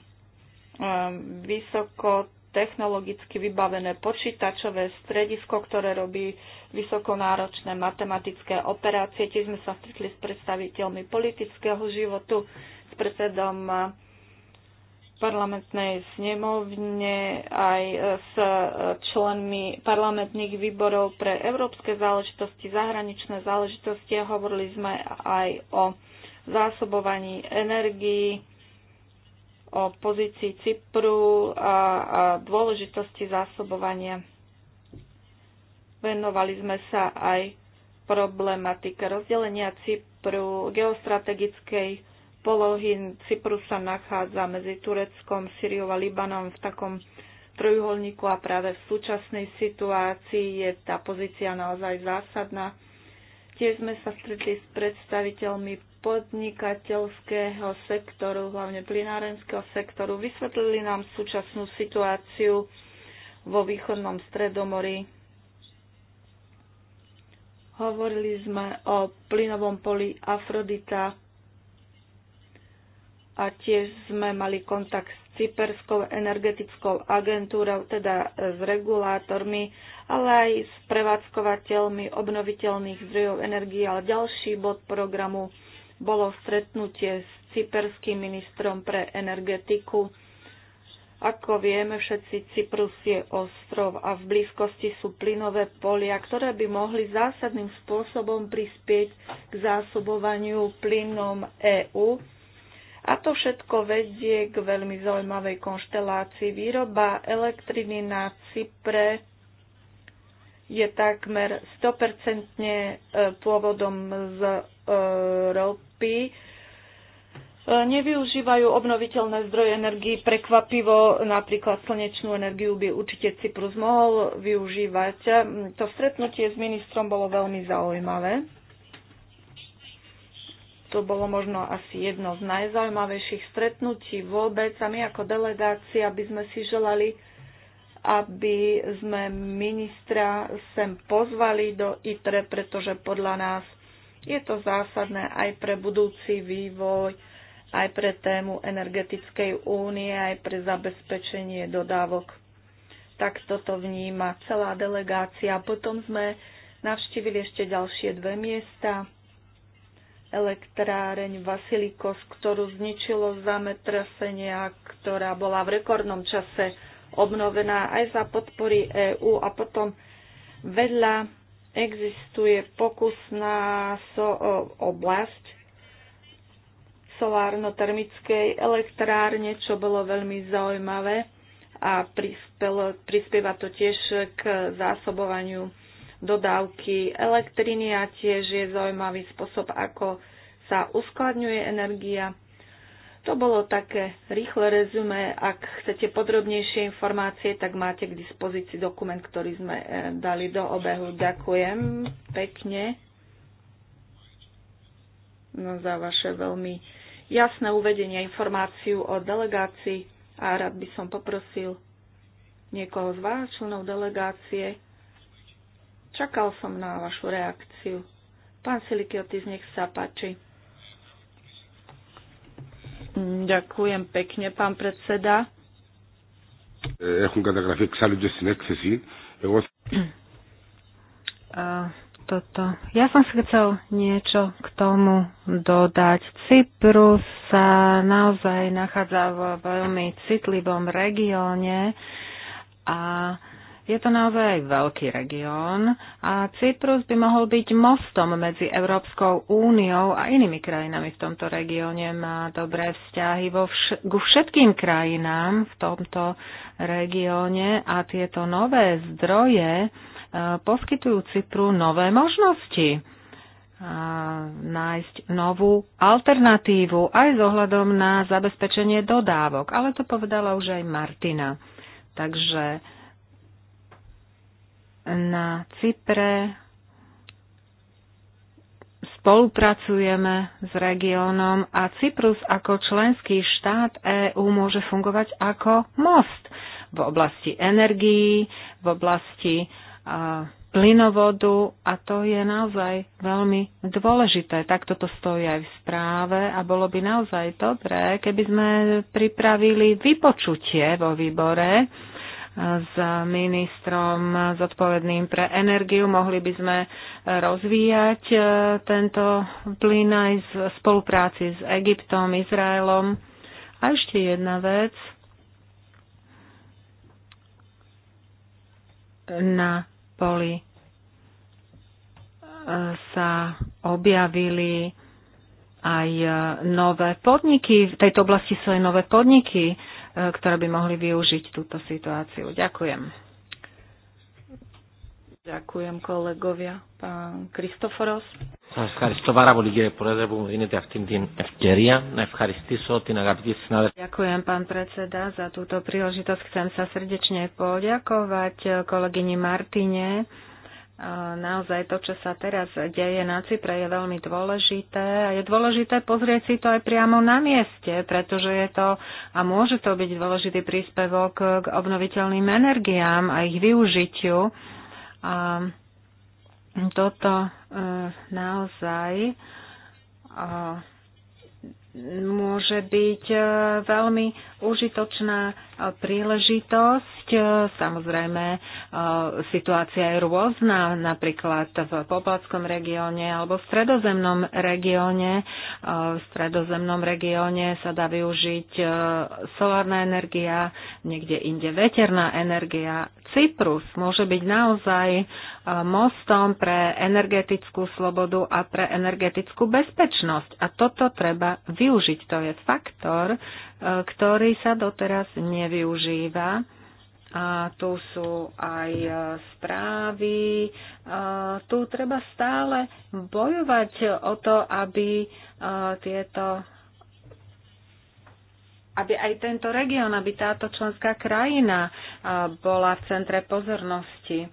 vysokotechnologicky vybavené počítačové stredisko, ktoré robí vysokonáročné matematické operácie. Tiež sme sa stretli s predstaviteľmi politického životu, s predsedom uh, parlamentnej snemovne aj uh, s uh, členmi parlamentných výborov pre európske záležitosti, zahraničné záležitosti. Hovorili sme aj o zásobovaní energií, o pozícii Cypru a, a dôležitosti zásobovania. Venovali sme sa aj problematike rozdelenia Cypru, geostrategickej polohy Cypru sa nachádza medzi Tureckom, Syriou a Libanom v takom trojuholníku a práve v súčasnej situácii je tá pozícia naozaj zásadná. Tiež sme sa stretli s predstaviteľmi podnikateľského sektoru, hlavne plinárenského sektoru, vysvetlili nám súčasnú situáciu vo východnom stredomori. Hovorili sme o plynovom poli Afrodita a tiež sme mali kontakt s Cyperskou energetickou agentúrou, teda s regulátormi, ale aj s prevádzkovateľmi obnoviteľných zdrojov energie. Ale ďalší bod programu bolo stretnutie s cyperským ministrom pre energetiku. Ako vieme, všetci Cyprus je ostrov a v blízkosti sú plynové polia, ktoré by mohli zásadným spôsobom prispieť k zásobovaniu plynom EÚ. A to všetko vedie k veľmi zaujímavej konštelácii. Výroba elektriny na Cypre je takmer 100% e, pôvodom z e, ropy. E, nevyužívajú obnoviteľné zdroje energii. Prekvapivo napríklad slnečnú energiu by určite Cyprus mohol využívať. To stretnutie s ministrom bolo veľmi zaujímavé. To bolo možno asi jedno z najzaujímavejších stretnutí vôbec a my ako delegácia by sme si želali aby sme ministra sem pozvali do ITRE, pretože podľa nás je to zásadné aj pre budúci vývoj, aj pre tému energetickej únie, aj pre zabezpečenie dodávok. Tak toto vníma celá delegácia. Potom sme navštívili ešte ďalšie dve miesta. Elektráreň Vasilikos, ktorú zničilo zametrasenie a ktorá bola v rekordnom čase obnovená aj za podpory EÚ a potom vedľa existuje pokusná so, oblasť solárno-termickej elektrárne, čo bolo veľmi zaujímavé a prispelo, prispieva to tiež k zásobovaniu dodávky elektriny a tiež je zaujímavý spôsob, ako sa uskladňuje energia. To bolo také rýchle rezume. Ak chcete podrobnejšie informácie, tak máte k dispozícii dokument, ktorý sme e, dali do obehu. Ďakujem pekne no, za vaše veľmi jasné uvedenie informáciu o delegácii a rád by som poprosil niekoho z vás, členov delegácie. Čakal som na vašu reakciu. Pán Silikiotis, nech sa páči. Hm, ďakujem pekne, pán predseda. Eh, toto. Ja som si chcel niečo k tomu dodať. Cyprus sa naozaj nachádza v veľmi citlivom regióne a je to naozaj veľký región a Cyprus by mohol byť mostom medzi Európskou úniou a inými krajinami v tomto regióne. Má dobré vzťahy vo vš- ku všetkým krajinám v tomto regióne a tieto nové zdroje e, poskytujú Cypru nové možnosti e, nájsť novú alternatívu aj s ohľadom na zabezpečenie dodávok. Ale to povedala už aj Martina. Takže na Cypre spolupracujeme s regiónom a Cyprus ako členský štát EÚ môže fungovať ako most v oblasti energií, v oblasti a, plynovodu a to je naozaj veľmi dôležité. Tak toto stojí aj v správe a bolo by naozaj dobré, keby sme pripravili vypočutie vo výbore s ministrom zodpovedným pre energiu. Mohli by sme rozvíjať e, tento plyn aj v spolupráci s Egyptom, Izraelom. A ešte jedna vec. Na poli e, sa objavili aj e, nové podniky. V tejto oblasti sú aj nové podniky ktoré by mohli využiť túto situáciu. Ďakujem. Ďakujem kolegovia. Pán Kristoforos. Ďakujem pán predseda za túto príležitosť. Chcem sa srdečne poďakovať kolegyni Martine naozaj to, čo sa teraz deje na Cypre, je veľmi dôležité. A je dôležité pozrieť si to aj priamo na mieste, pretože je to a môže to byť dôležitý príspevok k obnoviteľným energiám a ich využitiu. A toto e, naozaj môže byť e, veľmi užitočná e, príležitosť. E, samozrejme, situácia je rôzna, napríklad v Poplatskom regióne alebo v stredozemnom regióne. V stredozemnom regióne sa dá využiť solárna energia, niekde inde veterná energia. Cyprus môže byť naozaj mostom pre energetickú slobodu a pre energetickú bezpečnosť. A toto treba využiť. To je faktor, e, ktorý sa doteraz nevyužíva. A tu sú aj e, správy. A e, tu treba stále bojovať o to, aby tieto aby aj tento región, aby táto členská krajina bola v centre pozornosti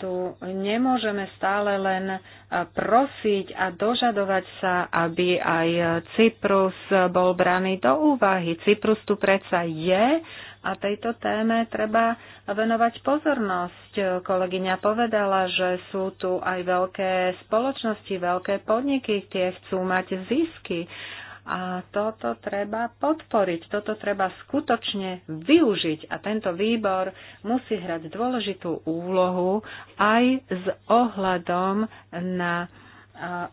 tu nemôžeme stále len e, prosiť a dožadovať sa, aby aj Cyprus bol braný do úvahy. Cyprus tu predsa je a tejto téme treba venovať pozornosť. Kolegyňa povedala, že sú tu aj veľké spoločnosti, veľké podniky, tie chcú mať zisky a toto treba podporiť, toto treba skutočne využiť a tento výbor musí hrať dôležitú úlohu aj s ohľadom na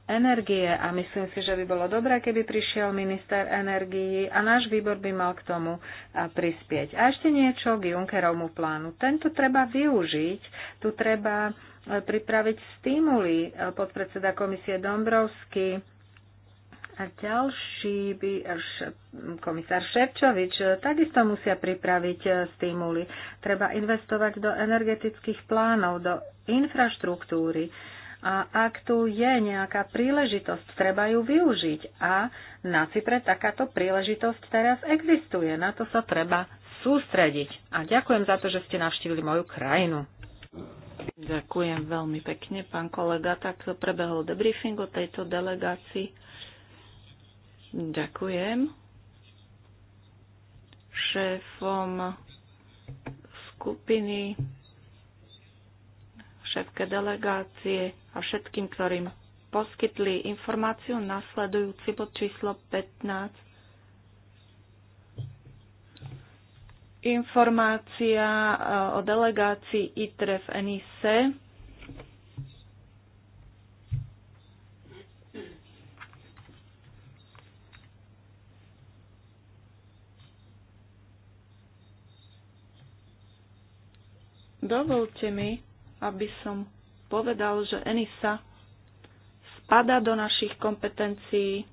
energie a myslím si, že by bolo dobré, keby prišiel minister energii a náš výbor by mal k tomu prispieť. A ešte niečo k Junckerovmu plánu. Tento treba využiť, tu treba e, pripraviť stimuly. E, podpredseda komisie Dombrovsky a ďalší by komisár Ševčovič takisto musia pripraviť e, stimuly. Treba investovať do energetických plánov, do infraštruktúry. A ak tu je nejaká príležitosť, treba ju využiť. A na Cypre takáto príležitosť teraz existuje. Na to sa treba sústrediť. A ďakujem za to, že ste navštívili moju krajinu. Ďakujem veľmi pekne, pán kolega. Tak prebehol debriefing o tejto delegácii. Ďakujem. Šéfom skupiny, šéfke delegácie a všetkým, ktorým poskytli informáciu nasledujúci pod číslo 15. Informácia e, o delegácii Itref NIC Dovolte mi, aby som povedal, že ENISA spada do našich kompetencií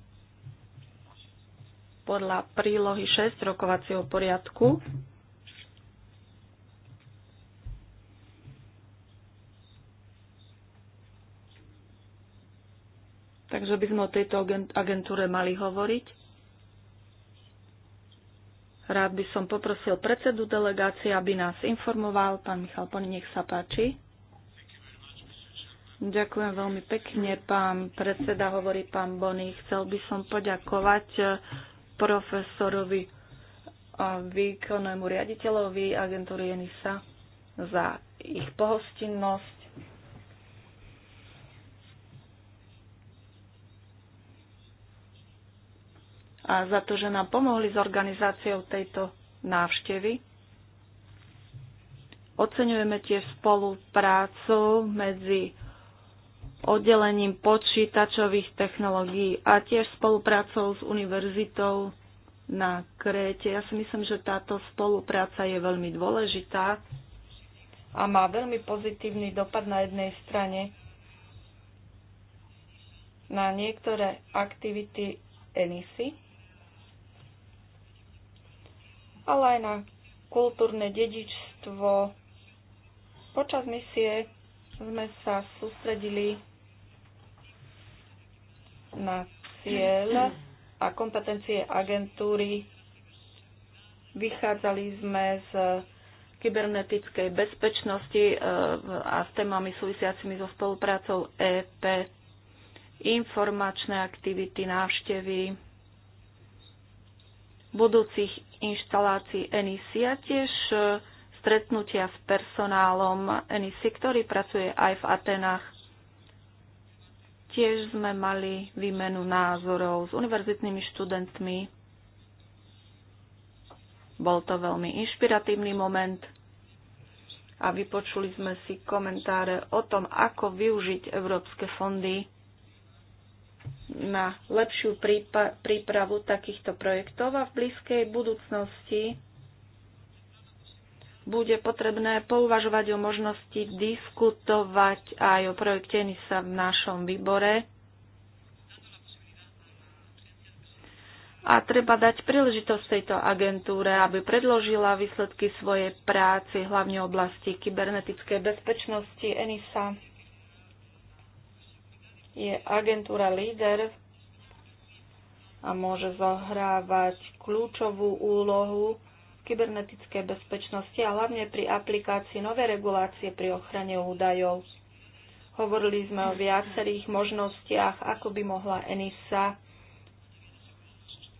podľa prílohy 6 rokovacieho poriadku. Takže by sme o tejto agentúre mali hovoriť. Rád by som poprosil predsedu delegácie, aby nás informoval. Pán Michal Pony, nech sa páči. Ďakujem veľmi pekne, pán predseda, hovorí pán Bony. Chcel by som poďakovať eh, profesorovi a eh, výkonnému riaditeľovi agentúry ENISA za ich pohostinnosť a za to, že nám pomohli s organizáciou tejto návštevy. Oceňujeme tiež spoluprácu medzi oddelením počítačových technológií a tiež spoluprácou s univerzitou na Kréte. Ja si myslím, že táto spolupráca je veľmi dôležitá a má veľmi pozitívny dopad na jednej strane na niektoré aktivity ENISY, ale aj na kultúrne dedičstvo. Počas misie sme sa sústredili na cieľ a kompetencie agentúry. Vychádzali sme z kybernetickej bezpečnosti e, a s témami súvisiacimi so spoluprácou EP, informačné aktivity, návštevy budúcich inštalácií ENISI a tiež e, stretnutia s personálom ENISI, ktorý pracuje aj v Atenách. Tiež sme mali výmenu názorov s univerzitnými študentmi. Bol to veľmi inšpiratívny moment a vypočuli sme si komentáre o tom, ako využiť európske fondy na lepšiu prípravu takýchto projektov a v blízkej budúcnosti bude potrebné pouvažovať o možnosti diskutovať aj o projekte NISA v našom výbore. A treba dať príležitosť tejto agentúre, aby predložila výsledky svojej práce, hlavne v oblasti kybernetickej bezpečnosti ENISA je agentúra líder a môže zohrávať kľúčovú úlohu v kybernetickej bezpečnosti a hlavne pri aplikácii novej regulácie pri ochrane údajov. Hovorili sme o viacerých možnostiach, ako by mohla ENISA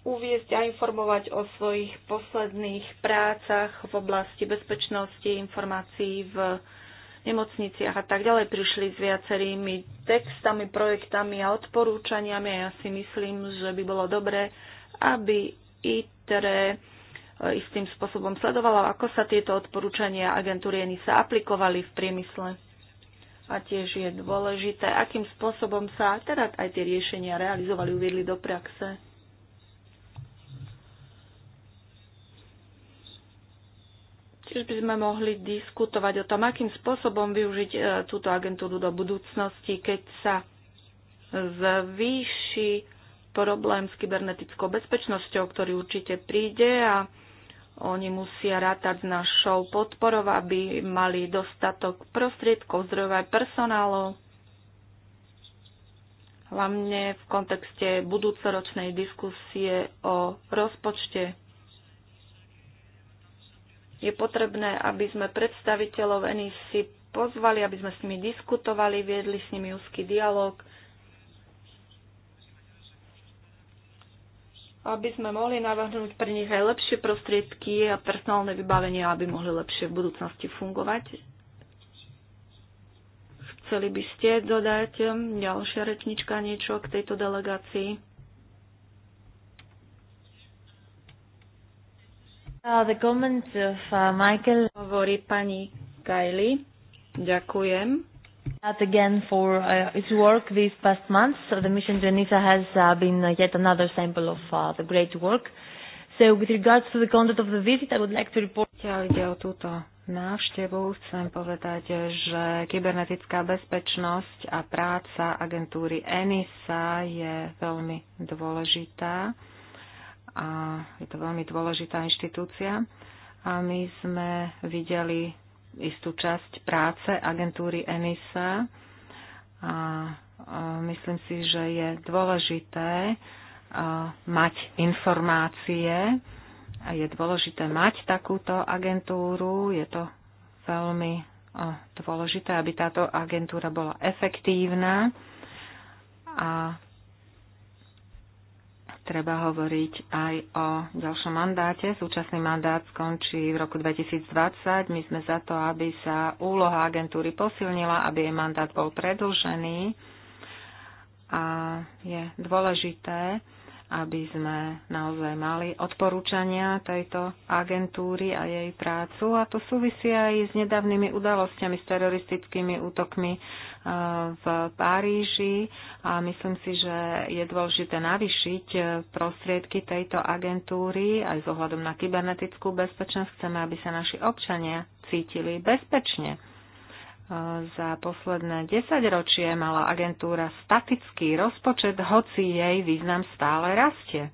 uviezť a informovať o svojich posledných prácach v oblasti bezpečnosti informácií v nemocniciach a tak ďalej prišli s viacerými textami, projektami a odporúčaniami a ja si myslím, že by bolo dobré, aby ITRE e, istým spôsobom sledovalo, ako sa tieto odporúčania agentúry sa aplikovali v priemysle. A tiež je dôležité, akým spôsobom sa teda aj tie riešenia realizovali, uviedli do praxe. Tiež by sme mohli diskutovať o tom, akým spôsobom využiť e, túto agentúru do budúcnosti, keď sa zvýši problém s kybernetickou bezpečnosťou, ktorý určite príde a oni musia rátať s našou podporou, aby mali dostatok prostriedkov, zdrojov aj personálov, hlavne v kontekste budúcoročnej diskusie o rozpočte. Je potrebné, aby sme predstaviteľov NEC pozvali, aby sme s nimi diskutovali, viedli s nimi úzky dialog, aby sme mohli navrhnúť pre nich aj lepšie prostriedky a personálne vybavenie, aby mohli lepšie v budúcnosti fungovať. Chceli by ste dodať hm, ďalšia rečnička niečo k tejto delegácii? Uh, the comments of uh, Michael. Hovorí pani Kaili. Ďakujem. That again for uh, its work these past months. So the mission to Anita has uh, been uh, yet another sample of uh, the great work. So with regards to the content of the visit, I would like to report... Ide o túto návštevu chcem povedať, že kybernetická bezpečnosť a práca agentúry ENISA je veľmi dôležitá a je to veľmi dôležitá inštitúcia. A my sme videli istú časť práce agentúry ENISA a myslím si, že je dôležité mať informácie a je dôležité mať takúto agentúru. Je to veľmi dôležité, aby táto agentúra bola efektívna a treba hovoriť aj o ďalšom mandáte. Súčasný mandát skončí v roku 2020. My sme za to, aby sa úloha agentúry posilnila, aby jej mandát bol predlžený. A je dôležité, aby sme naozaj mali odporúčania tejto agentúry a jej prácu. A to súvisí aj s nedávnymi udalosťami, s teroristickými útokmi e, v Paríži. A myslím si, že je dôležité navyšiť e, prostriedky tejto agentúry aj zohľadom ohľadom na kybernetickú bezpečnosť. Chceme, aby sa naši občania cítili bezpečne za posledné 10 ročie mala agentúra statický rozpočet, hoci jej význam stále rastie.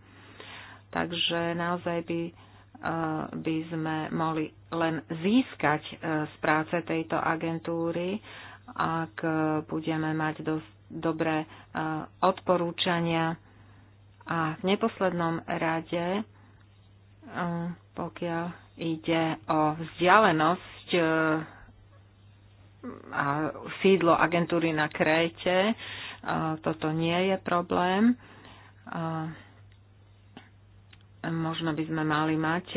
Takže naozaj by, e, by sme mohli len získať e, z práce tejto agentúry, ak e, budeme mať dosť dobré odporúčania. A v neposlednom rade, pokiaľ ide o vzdialenosť a sídlo agentúry na Kréte. Toto nie je problém. Možno by sme mali mať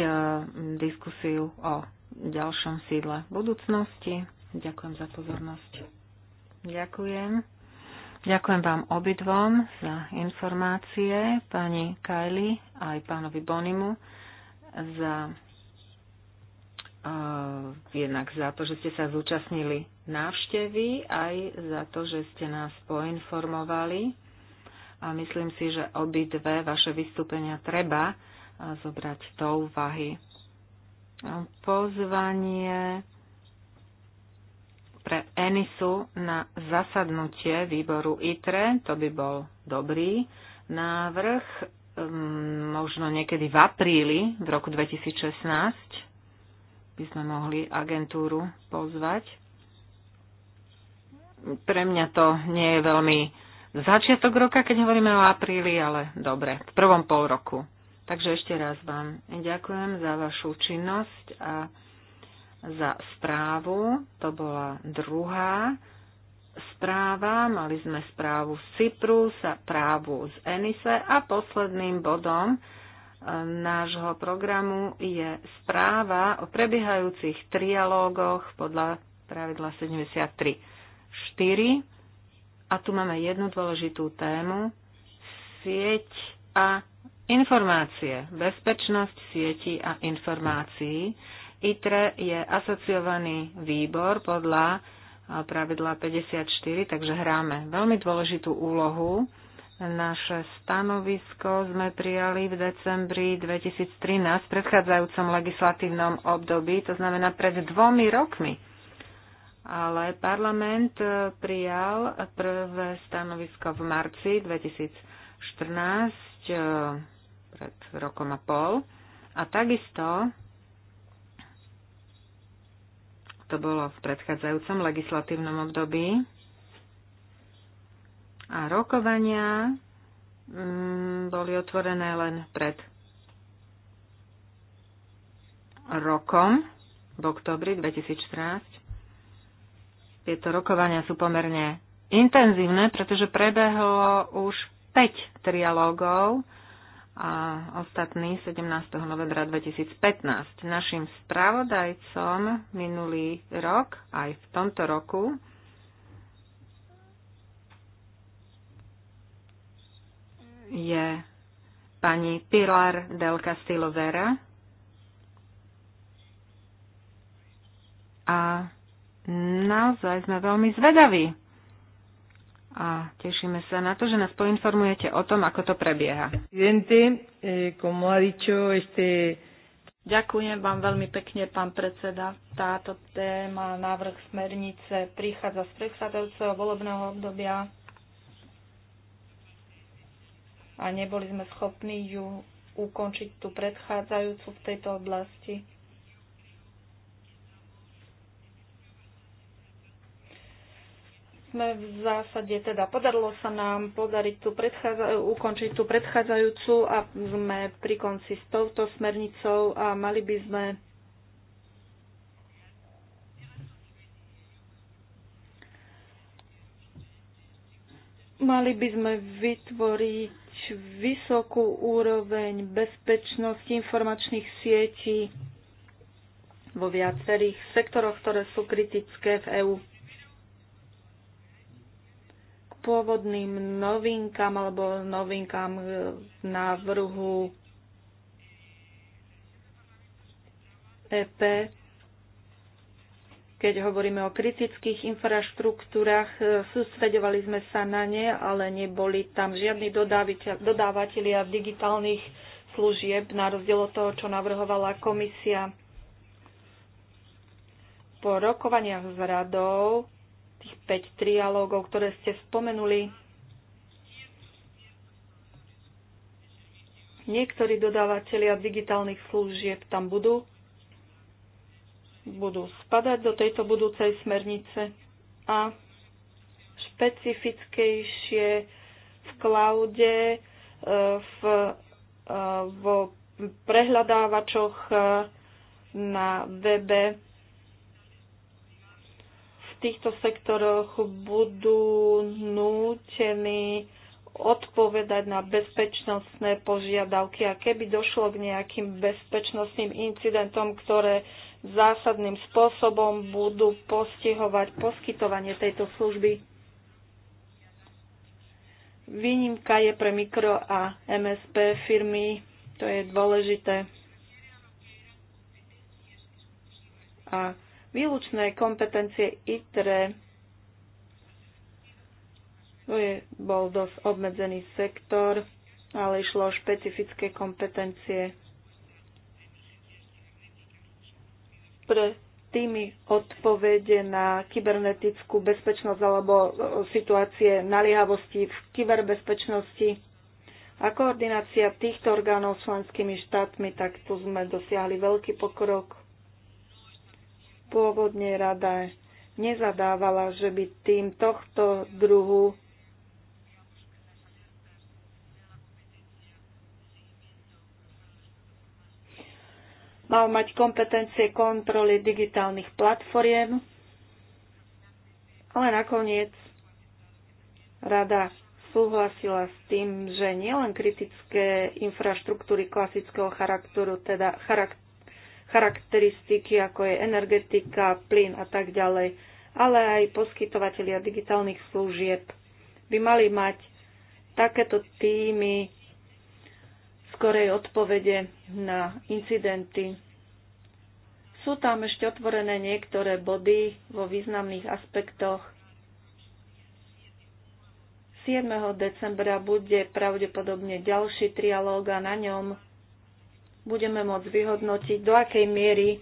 diskusiu o ďalšom sídle v budúcnosti. Ďakujem za pozornosť. Ďakujem. Ďakujem vám obidvom za informácie, pani Kajli aj pánovi Bonimu za uh, jednak za to, že ste sa zúčastnili návštevy, aj za to, že ste nás poinformovali. A myslím si, že obidve vaše vystúpenia treba zobrať do úvahy. Pozvanie pre Enisu na zasadnutie výboru ITRE, to by bol dobrý návrh, možno niekedy v apríli v roku 2016 by sme mohli agentúru pozvať. Pre mňa to nie je veľmi začiatok roka, keď hovoríme o apríli, ale dobre, v prvom pol roku. Takže ešte raz vám ďakujem za vašu činnosť a za správu. To bola druhá správa. Mali sme správu z Cypru, správu z Enise a posledným bodom e, nášho programu je správa o prebiehajúcich trialógoch podľa pravidla 73. 4. A tu máme jednu dôležitú tému. Sieť a informácie. Bezpečnosť sieti a informácií. ITRE je asociovaný výbor podľa pravidla 54, takže hráme veľmi dôležitú úlohu. Naše stanovisko sme prijali v decembri 2013 v predchádzajúcom legislatívnom období, to znamená pred dvomi rokmi ale parlament e, prijal prvé stanovisko v marci 2014, e, pred rokom a pol. A takisto to bolo v predchádzajúcom legislatívnom období. A rokovania mm, boli otvorené len pred rokom v oktobri 2014 tieto rokovania sú pomerne intenzívne, pretože prebehlo už 5 trialógov a ostatný 17. novembra 2015. Našim spravodajcom minulý rok, aj v tomto roku, je pani Pilar del Castillo Vera a naozaj sme veľmi zvedaví. A tešíme sa na to, že nás poinformujete o tom, ako to prebieha. Eh, Ďakujem vám veľmi pekne, pán predseda. Táto téma, návrh smernice, prichádza z predchádzajúceho volebného obdobia a neboli sme schopní ju ukončiť tú predchádzajúcu v tejto oblasti. sme v zásade, teda podarilo sa nám podariť tú ukončiť tú predchádzajúcu a sme pri konci s touto smernicou a mali by sme mali by sme vytvoriť vysokú úroveň bezpečnosti informačných sietí vo viacerých sektoroch, ktoré sú kritické v EÚ pôvodným novinkám alebo novinkám e, návrhu EP, keď hovoríme o kritických infraštruktúrach, e, sústredovali sme sa na ne, ale neboli tam žiadni dodávateľia digitálnych služieb, na rozdiel od toho, čo navrhovala komisia. Po rokovaniach s radou 5 trialógov, ktoré ste spomenuli. Niektorí dodávateľia digitálnych služieb tam budú, budú spadať do tejto budúcej smernice a špecifickejšie v cloude, e, v, e, vo prehľadávačoch e, na webe týchto sektoroch budú nútení odpovedať na bezpečnostné požiadavky a keby došlo k nejakým bezpečnostným incidentom, ktoré zásadným spôsobom budú postihovať poskytovanie tejto služby. Výnimka je pre mikro a MSP firmy, to je dôležité. A výlučné kompetencie ITRE bol dosť obmedzený sektor, ale išlo o špecifické kompetencie pre tými odpovede na kybernetickú bezpečnosť alebo e, situácie naliehavosti v kyberbezpečnosti a koordinácia týchto orgánov s členskými štátmi, tak tu sme dosiahli veľký pokrok Pôvodne rada nezadávala, že by tým tohto druhu mal mať kompetencie kontroly digitálnych platformiem, ale nakoniec rada súhlasila s tým, že nielen kritické infraštruktúry klasického charakteru, teda, charakteru, charakteristiky, ako je energetika, plyn a tak ďalej, ale aj poskytovateľia digitálnych služieb by mali mať takéto týmy skorej odpovede na incidenty. Sú tam ešte otvorené niektoré body vo významných aspektoch. 7. decembra bude pravdepodobne ďalší trialóg a na ňom budeme môcť vyhodnotiť, do akej miery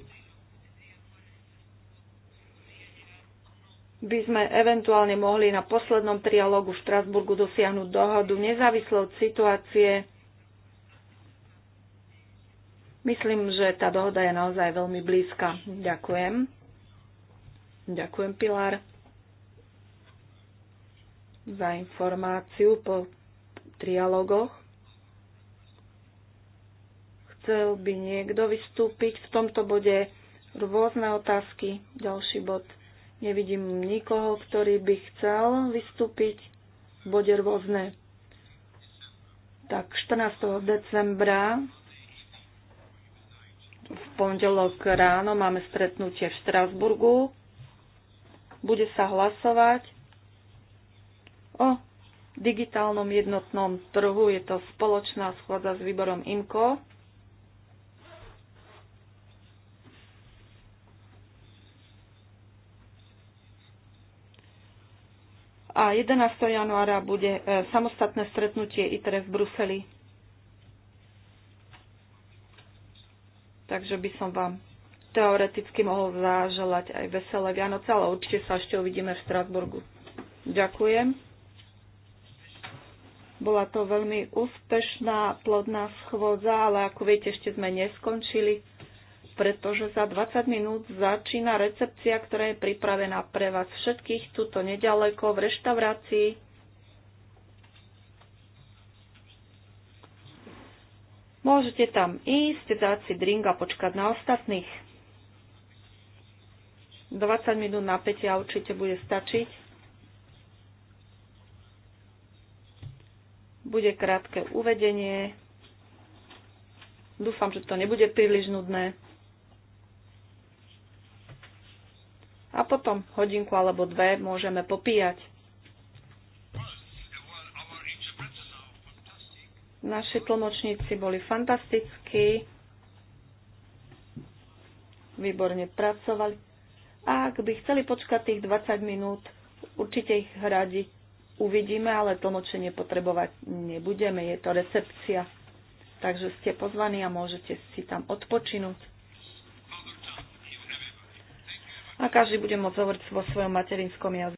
by sme eventuálne mohli na poslednom trialógu v Štrasburgu dosiahnuť dohodu nezávisle od situácie. Myslím, že tá dohoda je naozaj veľmi blízka. Ďakujem. Ďakujem, Pilar, za informáciu po trialógoch. Chcel by niekto vystúpiť v tomto bode? Rôzne otázky. Ďalší bod. Nevidím nikoho, ktorý by chcel vystúpiť v bode rôzne. Tak 14. decembra v pondelok ráno máme stretnutie v Štrasburgu. Bude sa hlasovať o digitálnom jednotnom trhu. Je to spoločná schôdza s výborom IMCO. a 11. januára bude e, samostatné stretnutie ITRE v Bruseli. Takže by som vám teoreticky mohol zaželať aj veselé Vianoce, ale určite sa ešte uvidíme v Strasburgu. Ďakujem. Bola to veľmi úspešná, plodná schôdza, ale ako viete, ešte sme neskončili pretože za 20 minút začína recepcia, ktorá je pripravená pre vás všetkých tuto nedaleko v reštaurácii. Môžete tam ísť, dať si drink a počkať na ostatných. 20 minút napätia určite bude stačiť. bude krátke uvedenie. Dúfam, že to nebude príliš nudné. a potom hodinku alebo dve môžeme popíjať. Naši tlmočníci boli fantastickí, výborne pracovali. A ak by chceli počkať tých 20 minút, určite ich hradi uvidíme, ale tlmočenie potrebovať nebudeme, je to recepcia. Takže ste pozvaní a môžete si tam odpočinúť a každý bude môcť hovoriť vo svojom materinskom jazyku.